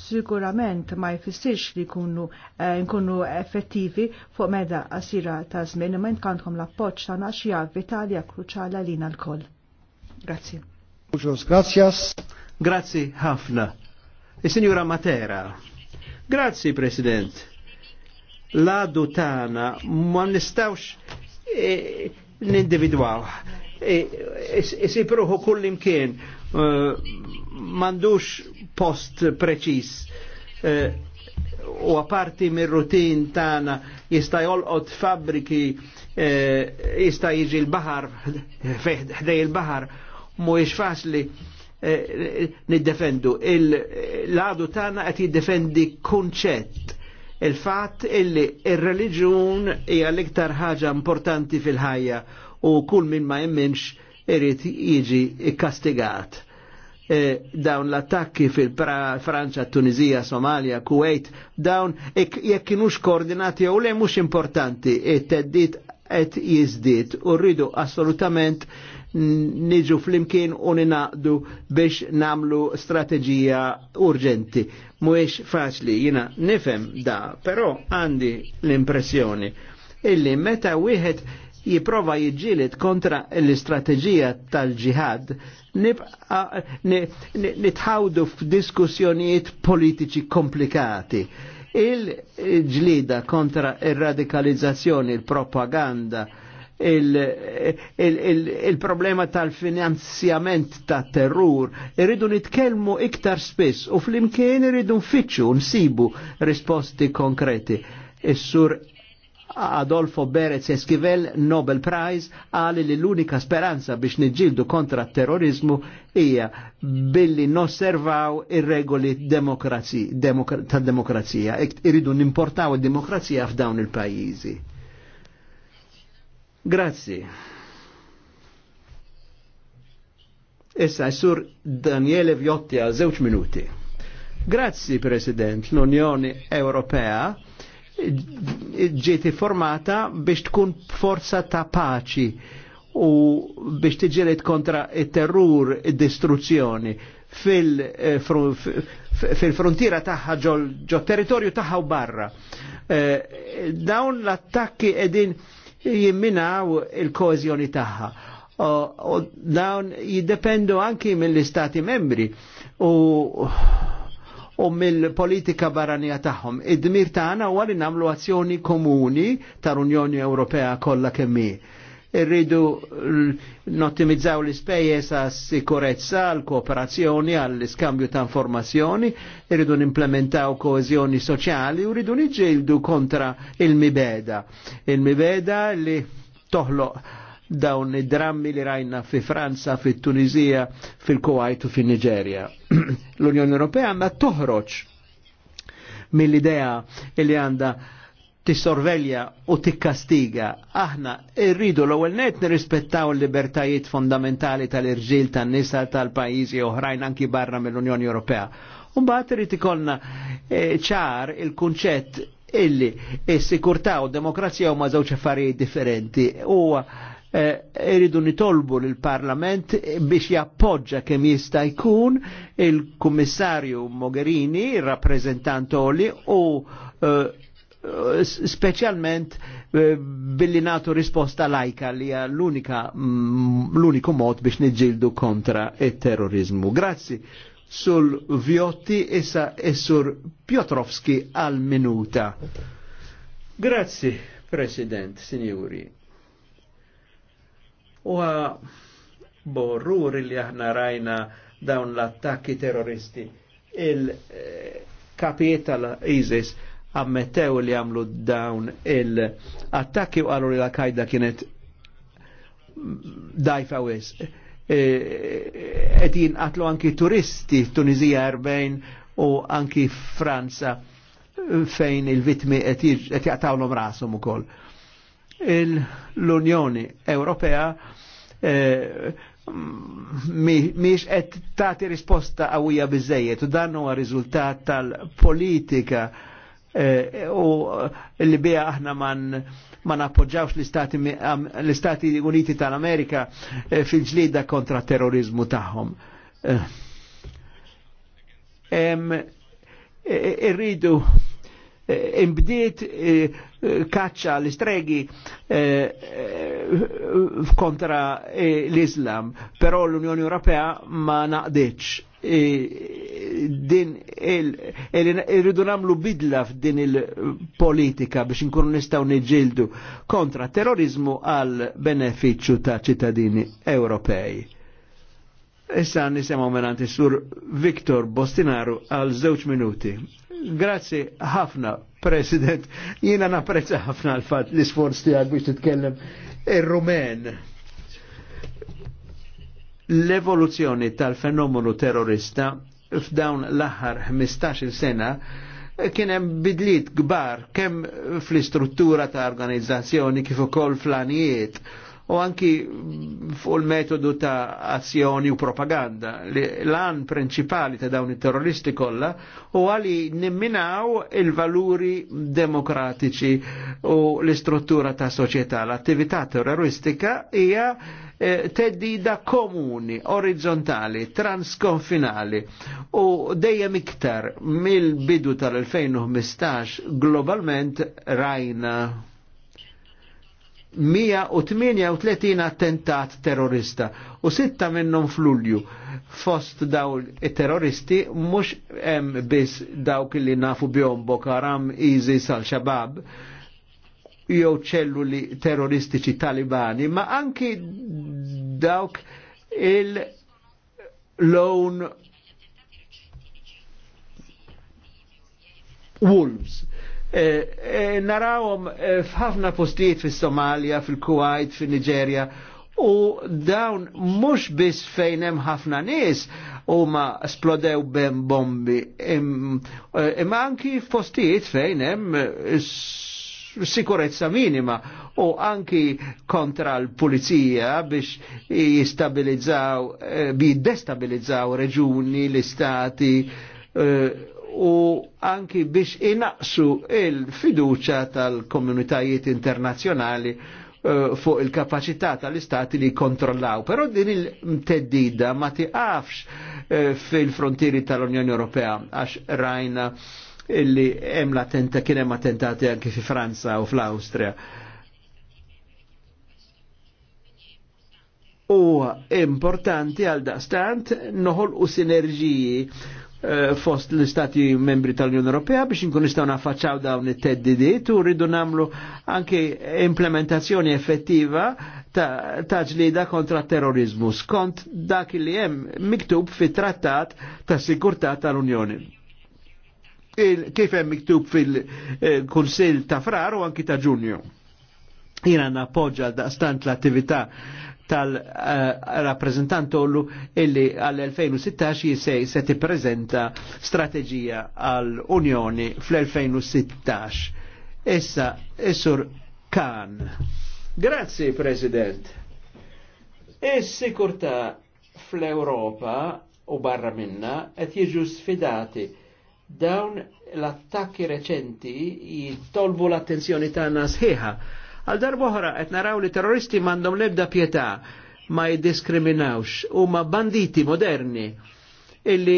sigurament ma jfissirx li kunnu eh, nkunu effettivi fuq meda qasira ta' żmien imma kantkom l-appoġġ tagħna xi vitali kruċjali lina l-koll. Grazzi. Muchos gracias. Grazzi ħafna. Is-Sinjura e, Matera. Grazzi President. La dutana ma nistawx eh, nindividwaw isipruħu kull imkien eh, mandux post preċis eh, u aparti mir rutin tana jista jolqot fabriki eh, jista jiġi l-bahar ħdej il-bahar mhuwiex faċli niddefendu. L-għadu tana qed defendi kunċett il-fat illi il-reliġjun hija l-iktar ħaġa importanti fil-ħajja u kull min ma jemminx irrit jiġi kastigat. E, dawn l-attakki fil-Franċa, Tunizija, Somalia, Kuwait, dawn jekk kienux koordinati u le mhux importanti, it-teddit qed jizdit u rridu assolutament niġu flimkien u ninaqdu biex namlu strategija urġenti. Mhuwiex faċli jina nifhem da, però għandi l-impressjoni illi meta wieħed jiprova jiġġieled kontra l-istrateġija tal-ġihad, nitħawdu f'diskussjonijiet politiċi komplikati. Il-ġlida kontra ir-radikalizzazzjoni, il ġlida kontra il radikalizzazzjoni il propaganda il problema il, il, il tal-finanzjament ta' terrur, irridu nitkelmu iktar spess u fl-imkien irridu nfittxu nsibu risposti konkreti. Is-sur Adolfo Berez Esquivel Nobel Prize għali li l-unika speranza biex nġildu kontra terrorizmu hija billi nosservaw ir-regoli ta' demokrazija. Iridu nimportaw il demokrazija f'dawn il pajizi Grazzi. Issa, sur Daniele Viotti għal zewċ minuti. Grazzi, President, l-Unjoni Ewropea ġiet formata biex tkun forza ta' paċi u biex tiġiret kontra il-terrur, il-distruzzjoni eh, fil-frontiera taħħa ġo territorju taħħa u barra. Eh, dawn l-attakki edin jimminaw il-kozjoni taħħa. Dawn jiddependu anki mill-istati membri u u mill-politika barranija tagħhom. Id-dmir tagħna huwa li nagħmlu azzjoni komuni tal-Unjoni Ewropea kollha kemm Irridu nottimizzaw l-ispejjeż għas sikurezza għall-kooperazzjoni għall-iskambju ta' informazzjoni, irridu nimplementaw koeżjoni soċjali u rridu niġġieldu kontra il-mibeda. Il-mibeda li toħloq dawn id-drammi li rajna fi Franza, fi Tunizija, fil-Kuwait u fi nigeria <clears throat> L-Unjoni Ewropea għandha toħroġ mill-idea li għandha tissorvelja u tikkastiga. Aħna irridu l-ewwel net nirrispettaw l-libertajiet fondamentali tal-irġiel tan-nisa tal-pajjiżi oħrajn anki barra mill-Unjoni Ewropea. Mbagħad irid ikollna e, ċar il-kunċett illi s-sikurtà u demokrazija huma żewġ affarijiet differenti. Huwa Eh, iridu nitolbu l-Parlament biex jappoġġa kemm jista' jkun il-Kummissarju Mogherini, il-rappreżentant Oli u eh, specialment eh, billi natu risposta lajka li l-unika mm, l-uniku mod biex nġildu kontra il-terrorizmu. Grazzi sul Viotti issa e sur Piotrowski al minuta. Grazzi, President, signori. U borrur li aħna rajna dawn l-attakki terroristi. Il-kapiet eh, tal-ISIS ammettew li għamlu dawn il-attakki u għallu li l-Qaida kienet dajfa wis. Et eh, għatlu eh, anki turisti Tunizija 40 u anki Franza fejn il-vitmi et jaqtawlom rasum u koll. L-Unjoni Ewropea miex qed tagħti risposta qawwija biżejjed u dan huwa riżultat tal-politika eh, u li bija aħna man ma nappoġġawx l-Istati Uniti tal-Amerika eh, fil-ġlida kontra terrorizmu tagħhom. Eh, irridu e, imbdiet e, e, kaċċa l-istregi e, kontra l-Islam, però l-Unjoni Ewropea ma naqdeċ din irridu namlu bidla f'din il-politika biex nkunu nistaw niġildu kontra terrorizmu għal beneficju ta' ċittadini Ewropej. Issa nisimaw menanti sur Viktor Bostinaru għal żewġ minuti. Grazzi ħafna, President. Jiena napprezza ħafna l-fat l isforz tiegħek biex titkellem il rumen L-evoluzzjoni tal-fenomenu terrorista f'dawn l-aħħar 15 sena kien hemm bidliet kbar kemm fl-istruttura ta' organizzazzjoni kif ukoll fl-anijiet. flanijiet. fl anijiet u anki fuq il-metodu ta' azzjoni u propaganda. L-an principali ta' dawn il-terroristi kolla u għali nimminaw il-valuri demokratiċi u l-istruttura ta' società. L-attività terroristika hija eh, teddida komuni, orizzontali, transkonfinali u dejjem iktar mill-bidu tal-2015 globalment rajna 138 attentat terrorista u sitta minnhom f'Lulju fost daw terroristi mhux hemm biss dawk li nafu bjom Bokaram, ISIS, al-Shabab jew ċelluli terroristiċi talibani, ma anki dawk il-lone wolves Eh, eh, Narawhom eh, f'ħafna postijiet fis-Somalja, fil-Kuwait, fil-Nigeria u dawn mhux biss fejn hemm ħafna nies huma splodew ben bombi imma anki f'postijiet fejn hemm sikurezza minima u anki kontra l-pulizija biex jistabilizzaw, bi destabilizzaw reġuni, l-istati, u anki biex inaqsu il-fiduċa tal-komunitajiet internazjonali uh, eh, fuq il-kapacità tal-istati li kontrollaw. Però din il-teddida ma tiqafx uh, fil-frontieri tal-Unjoni Ewropea għax rajna illi hemm l-attenta kien hemm attentati anki fi Franza u fl awstria U importanti għal daqstant noħol u sinerġiji Eh, fost l-Istati membri tal-Unjoni Ewropea biex nkun nistgħu naffaċċaw dawn it-teddidiet u rridu nagħmlu anke implementazzjoni effettiva ta', ta ġlida kontra terrorizmu skont dak li hemm miktub fit-trattat ta' sigurtà tal-Unjoni. Kif hemm miktub fil-Kunsill ta' Frar u anki ta' Ġunju jina napoġġa daqstant l-attività tal rappresentantollu illi għall-2016 jisej se prezenta strategija għall-Unjoni fl-2016. Issa, Isur Kan. Grazie, President. Is-sikurta fl-Europa u barra minna qed jiġu sfidati dawn l-attakki reċenti jitolbu l-attenzjoni tagħna sħiħa Għal darboħra qed naraw li terroristi m'għandhom l-ebda pjetà ma jiddiskriminawx huma banditi moderni illi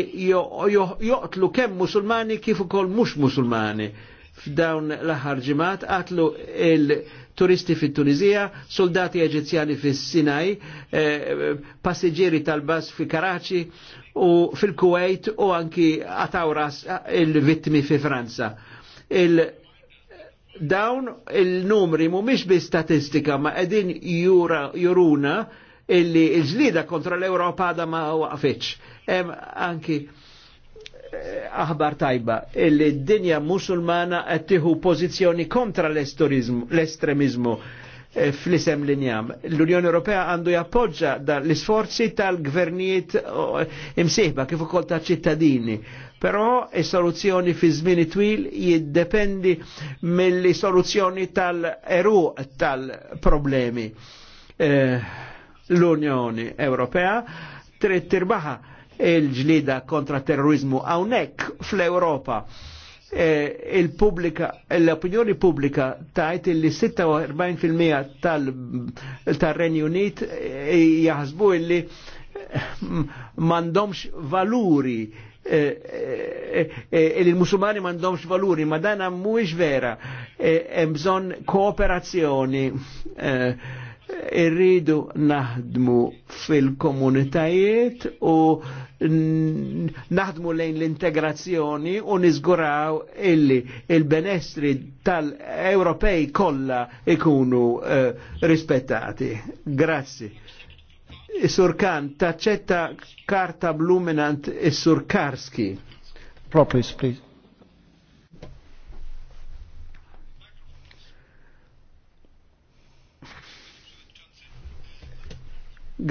joqtlu kemm musulmani kif ukoll mhux musulmani f'dawn l-aħħar ġimgħat il-turisti fit-Tunizija, soldati eġizzjani fis-Sinaj, eh, tal-bas fi Karaċi u fil-Kuwait u anki għataw ras il-vittmi fi Franza. Il dawn il-numri mumiex bi statistika ma edin juruna illi il-ġlida kontra l-Europa da ma waqfitx. Anki eh, aħbar tajba illi d-dinja musulmana għattiħu pozizjoni kontra l-estremizmu Eh, fl-isem l-injam. L-Unjoni Ewropea għandu jappoġġa l-isforzi tal-gvernijiet eh, imsieħba kif ukoll ta' ċittadini. Però is-soluzzjoni fi żmien twil jiddependi mill-soluzzjoni tal eru tal-problemi. Eh, L-Unjoni Ewropea trid tirbaħa il-ġlida kontra terrorizmu hawnhekk fl-Ewropa Eh, il-pubblika, l-opinjoni pubblika tajt li 46% tal-Renju Unit eh, jaħsbu illi eh, mandomx valuri il-musulmani mandomx valuri, ma dan mhuwiex vera, hemm bżonn kooperazzjoni irridu naħdmu fil-komunitajiet u naħdmu lejn l-integrazzjoni u nizguraw illi il-benestri tal-Ewropej kollha ikunu uh, rispettati. Grazzi. Is-surkan taċċetta karta bluminant is-surkarski. Propis, please.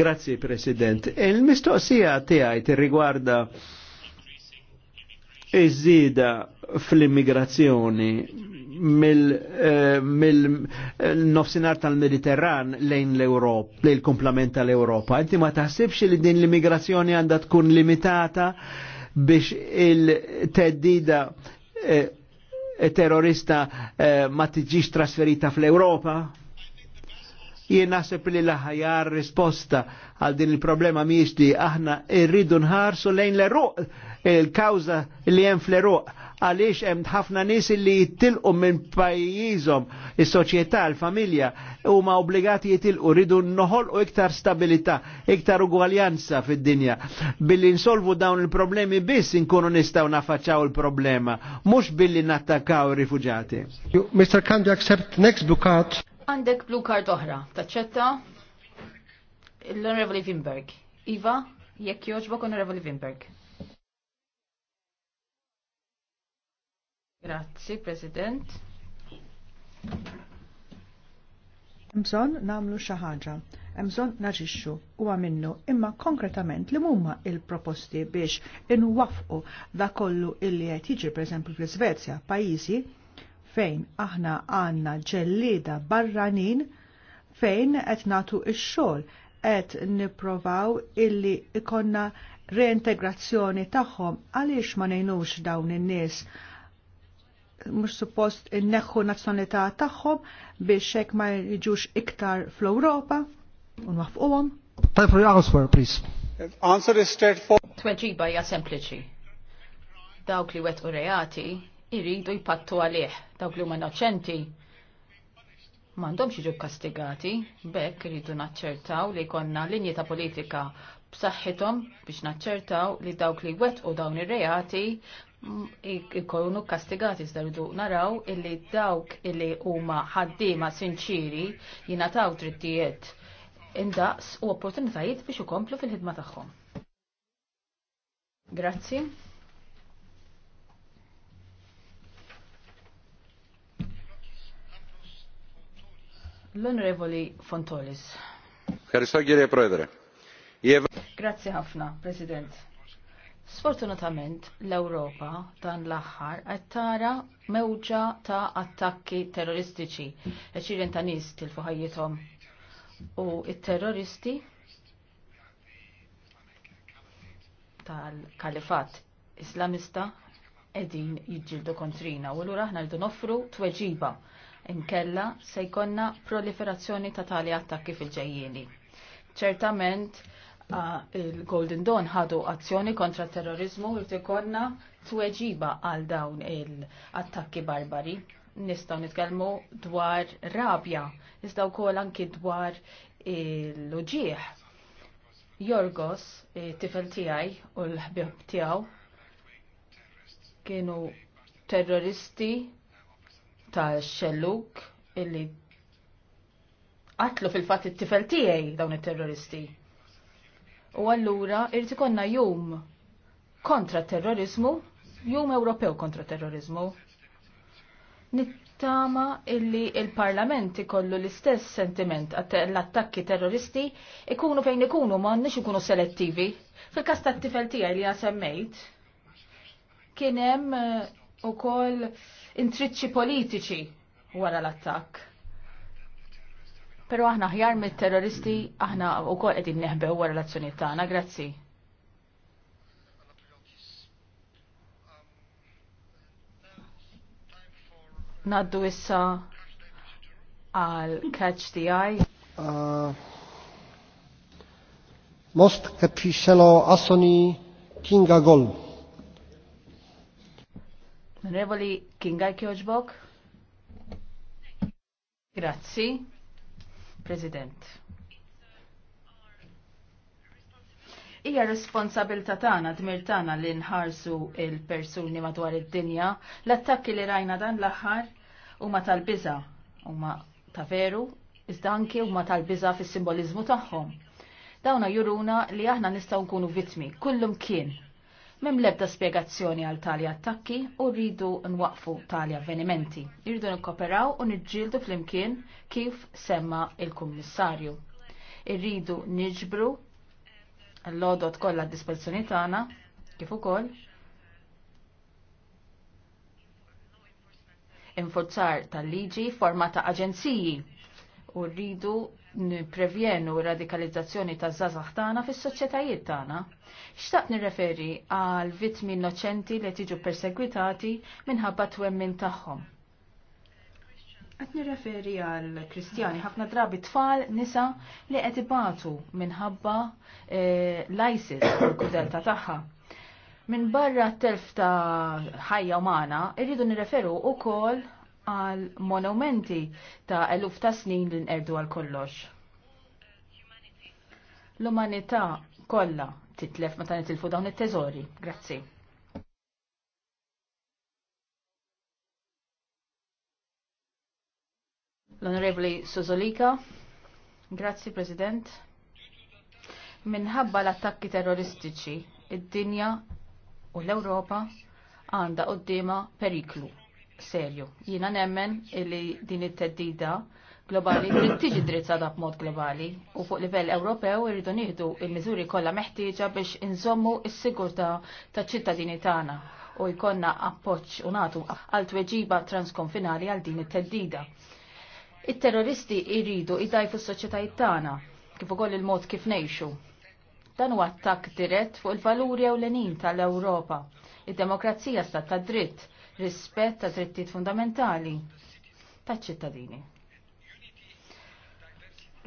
Grazie President. E Il-mistoqsija tiegħi tirrigwarda iż-żieda fl-immigrazzjoni mill eh, eh, nofsinhar tal-Mediterran lejn l ewropa lejn komplement tal ewropa Inti ma taħsibx li din l-immigrazzjoni għandha tkun limitata biex il-teddida eh, terrorista ma tiġix trasferita fl ewropa jien naħseb li l-ħajar risposta għal din il-problema miex aħna irridu nħarsu lejn l-eruq, il-kawza li hemm fl-eruq, għaliex hemm ħafna nies li jittilqu minn pajjiżhom, is-soċjetà, l-familja, huma obbligati jitilqu rridu noħolqu iktar stabilità, iktar ugwaljanza fid-dinja. Billi nsolvu dawn il-problemi biss inkunu nistgħu nafaċċaw il-problema, mhux billi nattakaw ir-rifuġati. Mr. Kandi accept next bukat. Għandek blue card oħra, taċċetta? L-Onorevoli Vinberg. Iva, jekk joġbok Onorevoli Vinberg. Grazzi, President. Mżon namlu xaħġa mżon naġixxu u għaminnu imma konkretament li mumma il-proposti biex inwafqu da kollu illi qed jiġi pereżempju fl-Svezja, pajjiżi fejn aħna għanna ġellida barranin fejn qed natu ix-xogħol qed nipprovaw illi ikonna reintegrazzjoni tagħhom għaliex ma ngħinux dawn in-nies mhux suppost inneħħu nazzjonalità tagħhom biex hekk ma jiġux iktar fl-Ewropa u nwaffquhom. Time for your answer, please. Answer is straightforward. Tweġiba hija sempliċi. Dawk li wet u reati irridu jpattu għalih dawk li huma innoċenti m'għandhomx jiġu kastigati, bekk irridu naċċertaw li jkollna linji ta' politika b'saħħithom biex naċċertaw li dawk li wettqu dawn ir-reati mm, ikonu kastigati zdardu naraw illi dawk illi huma ħaddiema sinċiri jingħataw drittijiet indaqs u opportunitajiet biex ikomplu fil-ħidma tagħhom. Grazzi. L-Onorevoli Fontolis. Grazie ħafna, President. Sfortunatament, l-Europa dan l-axħar qed tara mewġa ta' attakki terroristiċi li xirin ta' nies tilfu ħajjithom. U it-terroristi tal-kalifat islamista edin jidġildu kontrina u l aħna rridu l tweġiba inkella se jkonna proliferazzjoni ta' tali attakki fil-ġejjieni. Ċertament, il-Golden Dawn ħadu azzjoni kontra terrorizmu u tikonna tweġiba għal dawn il-attakki barbari. Nistaw nitkellmu dwar rabja, nistaw kol anki dwar il-loġieħ. Jorgos, tifel tijaj u l-ħbib tijaw, kienu terroristi ta' xelluk illi qatlu fil-fatt it-tifel tiegħi dawn it-terroristi. U allura irti konna jum kontra terrorizmu, jum Ewropew kontra terrorizmu. Nittama illi il-Parlament ikollu l-istess sentiment l-attakki terroristi ikunu fejn ikunu ma nix ikunu selettivi. Fil-kas t tifel tiegħi li semmejt kien hemm eh, ukoll intriċċi politiċi wara l-attakk. Pero aħna ħjar mit-terroristi, aħna u kol edin neħbew wara l-azzjoni tagħna, grazzi. Naddu issa għal catch the eye. Uh, most kapisċelo Asoni Kinga Golm. Onorevoli Kinga Kjoġbok. Grazzi, President. hija responsabilta tagħna dmir tagħna li nħarsu il-persuni madwar id-dinja. L-attakki li rajna dan l-aħħar huma tal u huma ta' veru, iżda anke huma tal biza fis-simboliżmu tagħhom. Dawna juruna li aħna nistgħu nkunu vittmi kullum kien Mem lebda spiegazzjoni għal tali attakki u rridu nwaqfu tali avvenimenti. Irridu nkoperaw u nġildu fl-imkien kif semma il-Kummissarju. Irridu niġbru l-lodot kollha d-dispozzjoni tagħna kif ukoll infurzar tal-liġi formata aġenziji u rridu nipprevjenu radikalizzazzjoni ta' zazax tagħna fis-soċjetajiet tagħna. Xtaqt nirreferi għal vittmi innoċenti li tiġu persegwitati minħabba twemmin tagħhom. Qed nirreferi għal Kristjani ħafna drabi tfal nisa li qed ibatu minħabba eh, l-ISIS u l-kudelta tagħha. Min barra t-telf ta' ħajja umana, irridu nirreferu u kol għal monumenti ta' eluf ta' snin li nqerdu għal kollox. L-umanità kollha titlef meta nitilfu dawn it-teżori. Grazzi. L-Onorevoli Sozolika, grazzi President. Minħabba l-attakki terroristiċi, id-dinja u l-Ewropa għanda qoddima periklu serju. Jina nemmen illi din it-teddida globali trid tiġi drizzata b'mod globali u fuq livell Ewropew irridu nieħdu il-miżuri kollha meħtieġa biex inżommu s-sigurtà taċ-ċittadini tagħna u jkollna appoġġ u nagħtu għal tweġiba transkonfinali għal din it-teddida. It-terroristi jridu jdajfu s-soċjetajiet tagħna kif ukoll il-mod kif ngħixu. Dan huwa attakk dirett fuq il-valuri ewlenin tal-Ewropa, id-demokrazija stat tad dritt, rispett ta' drittijiet fundamentali taċ ċittadini.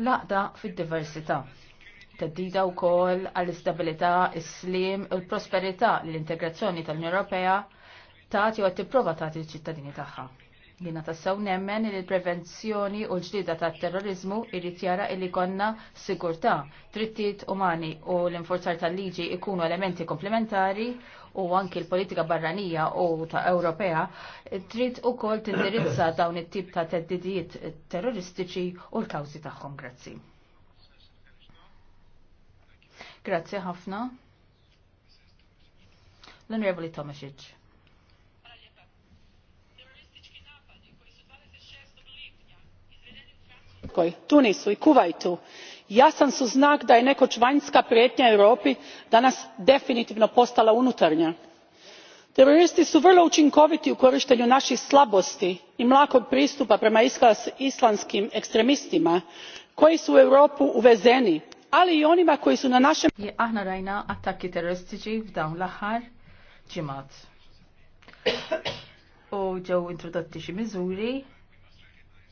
Laqda fid-diversità. Teddida u kol għall-istabilità, is-slim u l-prosperità li l-integrazzjoni tal-Unjoni Ewropea tagħti u għat tipprova tagħti ċittadini tagħha. Jina tassaw nemmen li l-prevenzjoni u l-ġdida ta' terrorizmu irrit jara illi konna sigurta, drittijiet umani u l-inforzar tal-liġi ikunu elementi komplementari u anki l-politika barranija u ta' Ewropea trid ukoll tindirizza dawn it-tip ta' teddidijiet terroristiċi u l-kawżi tagħhom. Grazzi. Grazzi ħafna. L-Onorevoli Tomasic. tunis u kuwaitu jasan su znak da je nekoć vanjska prijetnja europi danas definitivno postala unutarnja. teroristi su vrlo učinkoviti u korištenju naših slabosti i mlakog pristupa prema islamskim ekstremistima koji su u europu uvezeni ali i onima koji su na našem aħna rajna attakki f'dawn l-aħħar ġimgħat. U ġew introdotti xi miżuri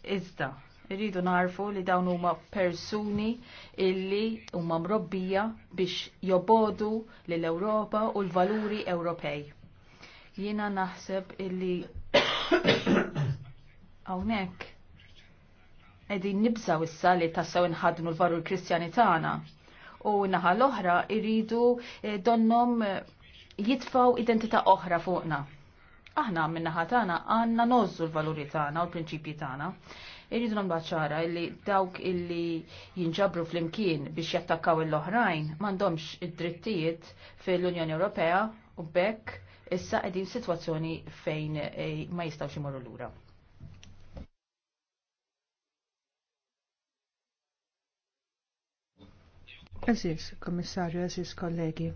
iżda Irridu narfu li dawn huma persuni illi huma mrobbija biex jobodu lill ewropa u l-valuri Ewropej. Jiena naħseb illi <coughs> hawnhekk qegħdin nibżaw issa li tassew inħadnu l valur Kristjani tagħna u naħa l-oħra irridu eh, donnom eh, jitfaw identità oħra fuqna. Aħna minn naħa tagħna għandna nożżu l-valuri tagħna u l-prinċipji tagħna. Irridu nagħmlu ċara illi dawk illi jinġabru flimkien biex jattakkaw l-oħrajn m'għandhomx id-drittijiet fil-Unjoni Ewropea u bekk issa qegħdin situazzjoni fejn eh, ma jistgħux imorru lura. Aziz, Komissarju, Aziz, kollegi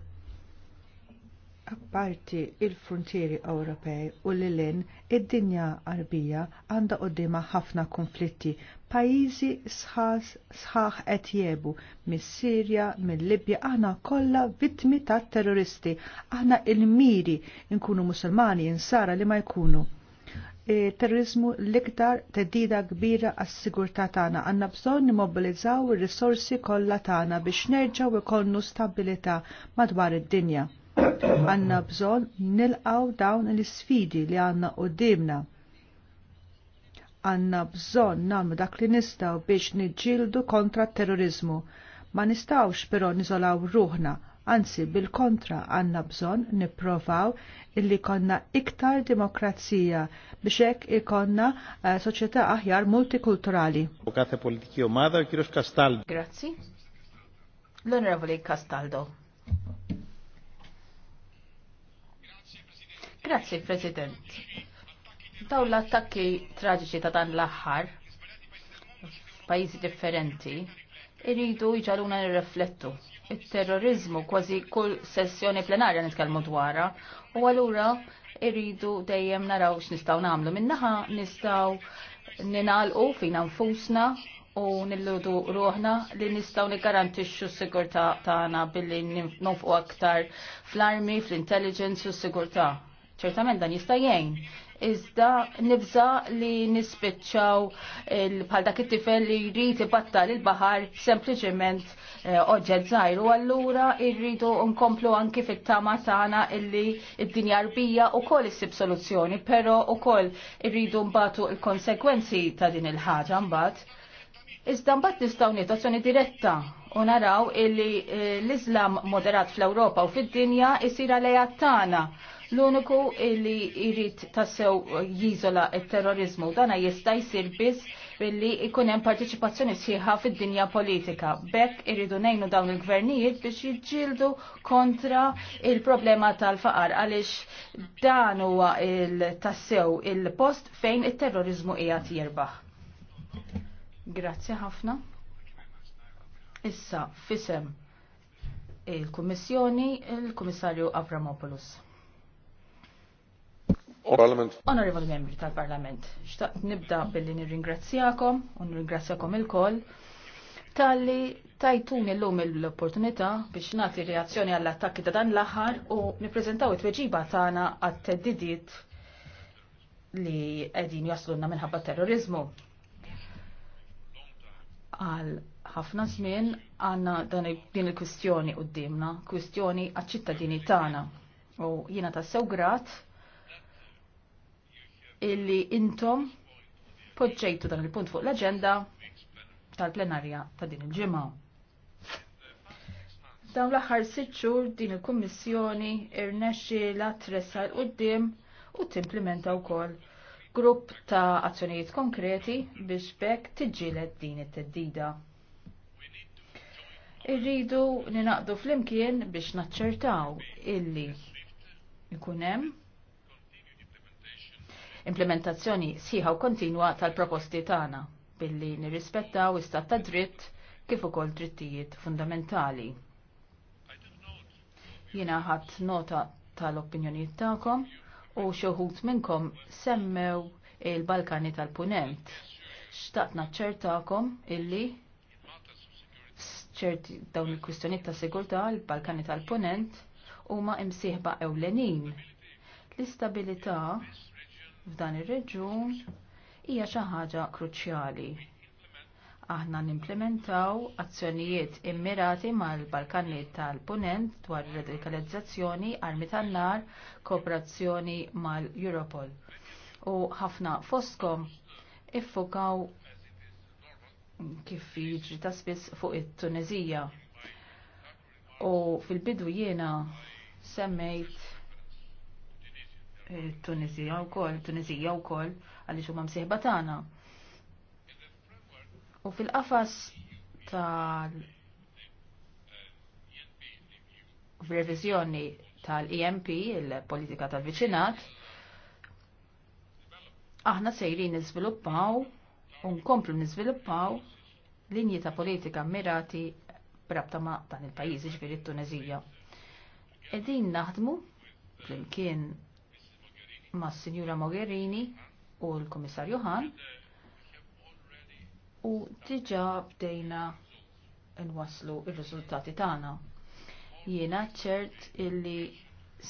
apparti il-frontieri Ewropej u lilin id-dinja arbija għandha qudiema ħafna konflitti. Pajjiżi sħas sħaħ qed jebu mis-Sirja, mill-Libja aħna kollha vittmi tat terroristi. Aħna il-miri nkunu Musulmani insara li ma jkunu. E, terrorizmu l-iktar teddida kbira għas sigurtà tagħna. Għandna bżonn nimmobilizzaw ir-risorsi kollha tagħna biex nerġgħu ikollu stabilità madwar id-dinja Għanna bżon nilqaw dawn l-sfidi li għanna dimna. Għanna bżon namlu dak li nistaw biex nġildu kontra terrorizmu. Ma nistawx però nizolaw ruħna, anzi bil-kontra għanna bżon niprofaw illi konna iktar demokrazija biex hekk ikonna uh, aħjar multikulturali. U politiki u madha, kirux Kastaldo. Grazzi. L-Onorevoli Castaldo. Grazzi, President. Daw l-attakki traġiċi ta' dan l-aħħar f'pajjiżi differenti irridu jġaluna nirreflettu. Il-terrorizmu kważi kull sessjoni plenarja nitkellmu dwarha u allura irridu dejjem naraw x'nistgħu nagħmlu. Minnaħa nistgħu ninalqu fina nfusna u nilludu ruħna li nistaw nigarantixxu s-sigurtà tagħna billi nonfqu aktar fl-armi, fl-intelligence u s-sigurtà ċertament dan jista' jgħin. Iżda nibża li nispiċċaw bħal dak it-tifel li jrid ibattal il-baħar sempliċement eh, oġġet żgħir u allura rridu nkomplu anki fit-tama tagħna illi d-dinja rbija wkoll issib soluzzjoni, però ukoll irridu mbagħtu l-konsekwenzi ta' din il-ħaġa mbagħad. Iżda mbagħad nistgħu nieħdu azzjoni diretta u naraw illi eh, l-Islam moderat fl-Ewropa u fid-dinja jsir għalejha tagħna L-uniku illi jrid tassew jizola il-terrorizmu dana jista' jsir biss billi ikunem hemm partiċipazzjoni sħiħa fid-dinja politika. Bekk irridu nejnu dawn il-gvernijiet biex jiġġieldu kontra il-problema tal-faqar għaliex dan huwa il-tassew il-post fejn it-terrorizmu qiegħed jirbaħ. Grazzi ħafna. Issa fisem il-Kummissjoni il-Kummissarju Avramopoulos. Parlament. Onorevoli membri tal-Parlament, xtaqt nibda billi nirringrazzjakom u nirringrazzjakom il-koll tal-li tajtun illum l-opportunità biex nagħti reazzjoni għall attakki ta' dan l-aħħar u nippreżentaw it weġiba tagħna għat teddidit li qegħdin jaslunna minħabba terrorizmu. Għal ħafna żmien għandna dan din il-kwistjoni dimna kwistjoni għaċ-ċittadini tagħna. U jiena tassew grat illi intom poġġejtu dan il-punt fuq l-agenda tal-plenarja ta' din il-ġimgħa. Dawn l-aħħar sitt xhur din il-Kummissjoni irnexxi tressa l qudiem u timplementa wkoll grupp ta' azzjonijiet konkreti biex bekk tiġġieled din it-teddida. Irridu ninaqdu flimkien biex naċċertaw illi ikun hemm implementazzjoni sħiħa u kontinwa tal-proposti tagħna billi nirrispettaw istat ta' dritt kif ukoll drittijiet fundamentali. Jiena ħadd nota tal-opinjonijiet tagħkom u wħud minnkom semmew il-Balkani tal-Punent. Xtaqt naċċertakom illi ċerti dawn il-kwistjoniet ta' sigurtà l-Balkani tal-Punent huma imsieħba ewlenin. L-istabilità f'dan ir-reġjun hija xi ħaġa kruċjali. Aħna nimplementaw azzjonijiet immirati mal balkaniet tal-Punent dwar radikalizzazzjoni, armi tan-nar, kooperazzjoni mal-Europol. U ħafna foskom iffokaw kif jiġri ta' spiss fuq it-Tunezija. U fil-bidu jiena semmejt Tunisija wkoll, Tunisija kol, għaliex huma msieħba tagħna. U fil-qafas tal revizjoni tal-EMP, il-politika tal-viċinat, aħna sejri nizviluppaw, u nkomplu niżviluppaw linji ta' politika mirati brabta ma' dan il-pajjiżi ġifieri t-Tunezija. Edin naħdmu flimkien mas Sinjura Mogherini u l-Komissarju Hahn u diġa bdejna nwaslu il-riżultati tagħna. Jiena ċert illi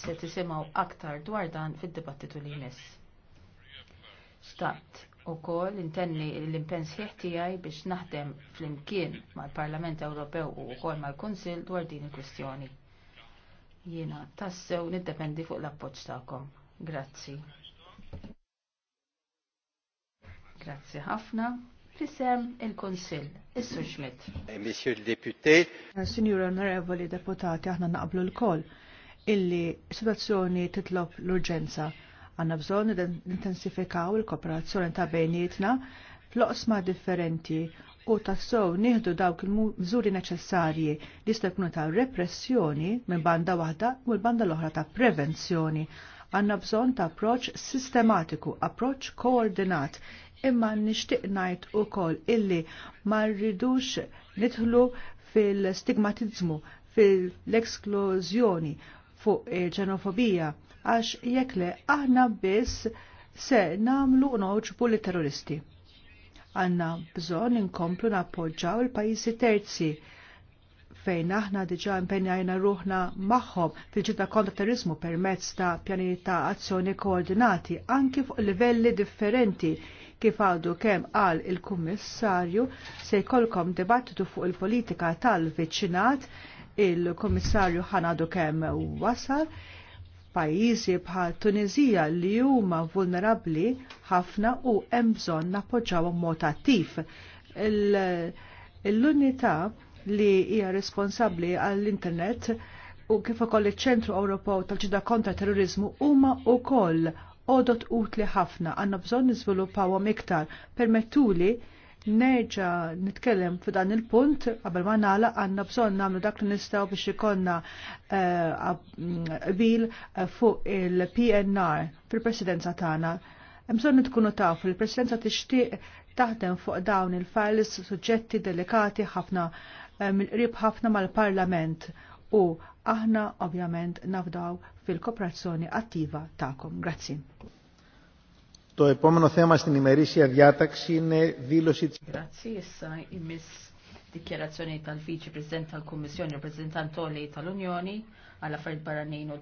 se tisimgħu aktar dwar dan fid-dibattitu li jmiss. Stat u kol intenni l-impens tiegħi biex naħdem fl-imkien mal-Parlament Ewropew u wkoll mal-Kunsil dwar din il-kwistjoni. Jiena tassew niddependi fuq l appoġġ tagħkom. Grazzi. Grazzi ħafna. Fisem il-Konsil, Issu Schmidt. Eh, Monsieur le député. Eh, Signor Onorevoli Deputati, aħna naqblu l-kol illi situazzjoni titlob l-urġenza. Għanna bżon intensifikaw il-kooperazzjoni ta' bejnietna fl-oqsma differenti u tassow nieħdu dawk il-mżuri neċessarji li jkunu ta' repressjoni minn banda waħda u l-banda l-oħra ta' prevenzjoni għanna bżon ta' approċ sistematiku, approċ koordinat, imma nishtiq najt u kol illi ma rridux nidħlu fil-stigmatizmu, fil-eksklużjoni fuq il-ġenofobija, għax jekle aħna biss se namlu noġbu li terroristi. Għanna bżon inkomplu nappoġġaw il-pajjiżi terzi fejn aħna diġa impenjajna ruħna magħhom fil ġita kontra terrorizmu permezz ta' pjanijiet ta' azzjoni koordinati anki fuq livelli differenti kif għadu kemm qal il-Kummissarju se jkollkom dibattitu fuq il-politika tal-viċinat il-Kummissarju ħanadu kemm wasal pajjiżi bħal Tunizija li huma vulnerabbli ħafna u hemm bżonn nappoġġawhom mod attiv. L-unità il li hija responsabbli għall-internet u kif ukoll iċ-Ċentru Ewropew tal-ġida kontra terrorizmu huma wkoll għodot utli ħafna għandna bżonn niżviluppawhom iktar. Permettuli nerġa' nitkellem f'dan il-punt qabel ma nagħlaq għandna bżonn nagħmlu dak li nistgħu biex ikollna qbil eh, mm, eh, fuq il-PNR fil-presidenza tagħna. Hemm bżonn tkunu taf li l-presidenza tixtieq taħdem fuq dawn il-files suġġetti delikati ħafna mill-qrib ħafna mal-Parlament u aħna ovjament nafdaw fil-kooperazzjoni attiva ta'kom. Grazzi. Το επόμενο θέμα στην ημερήσια διάταξη είναι δήλωση της... Grazie, issa imis dikjerazzjoni tal-Viċi President tal-Kummissjoni Reprezentantoli tal-Unjoni għall affarijiet barranin u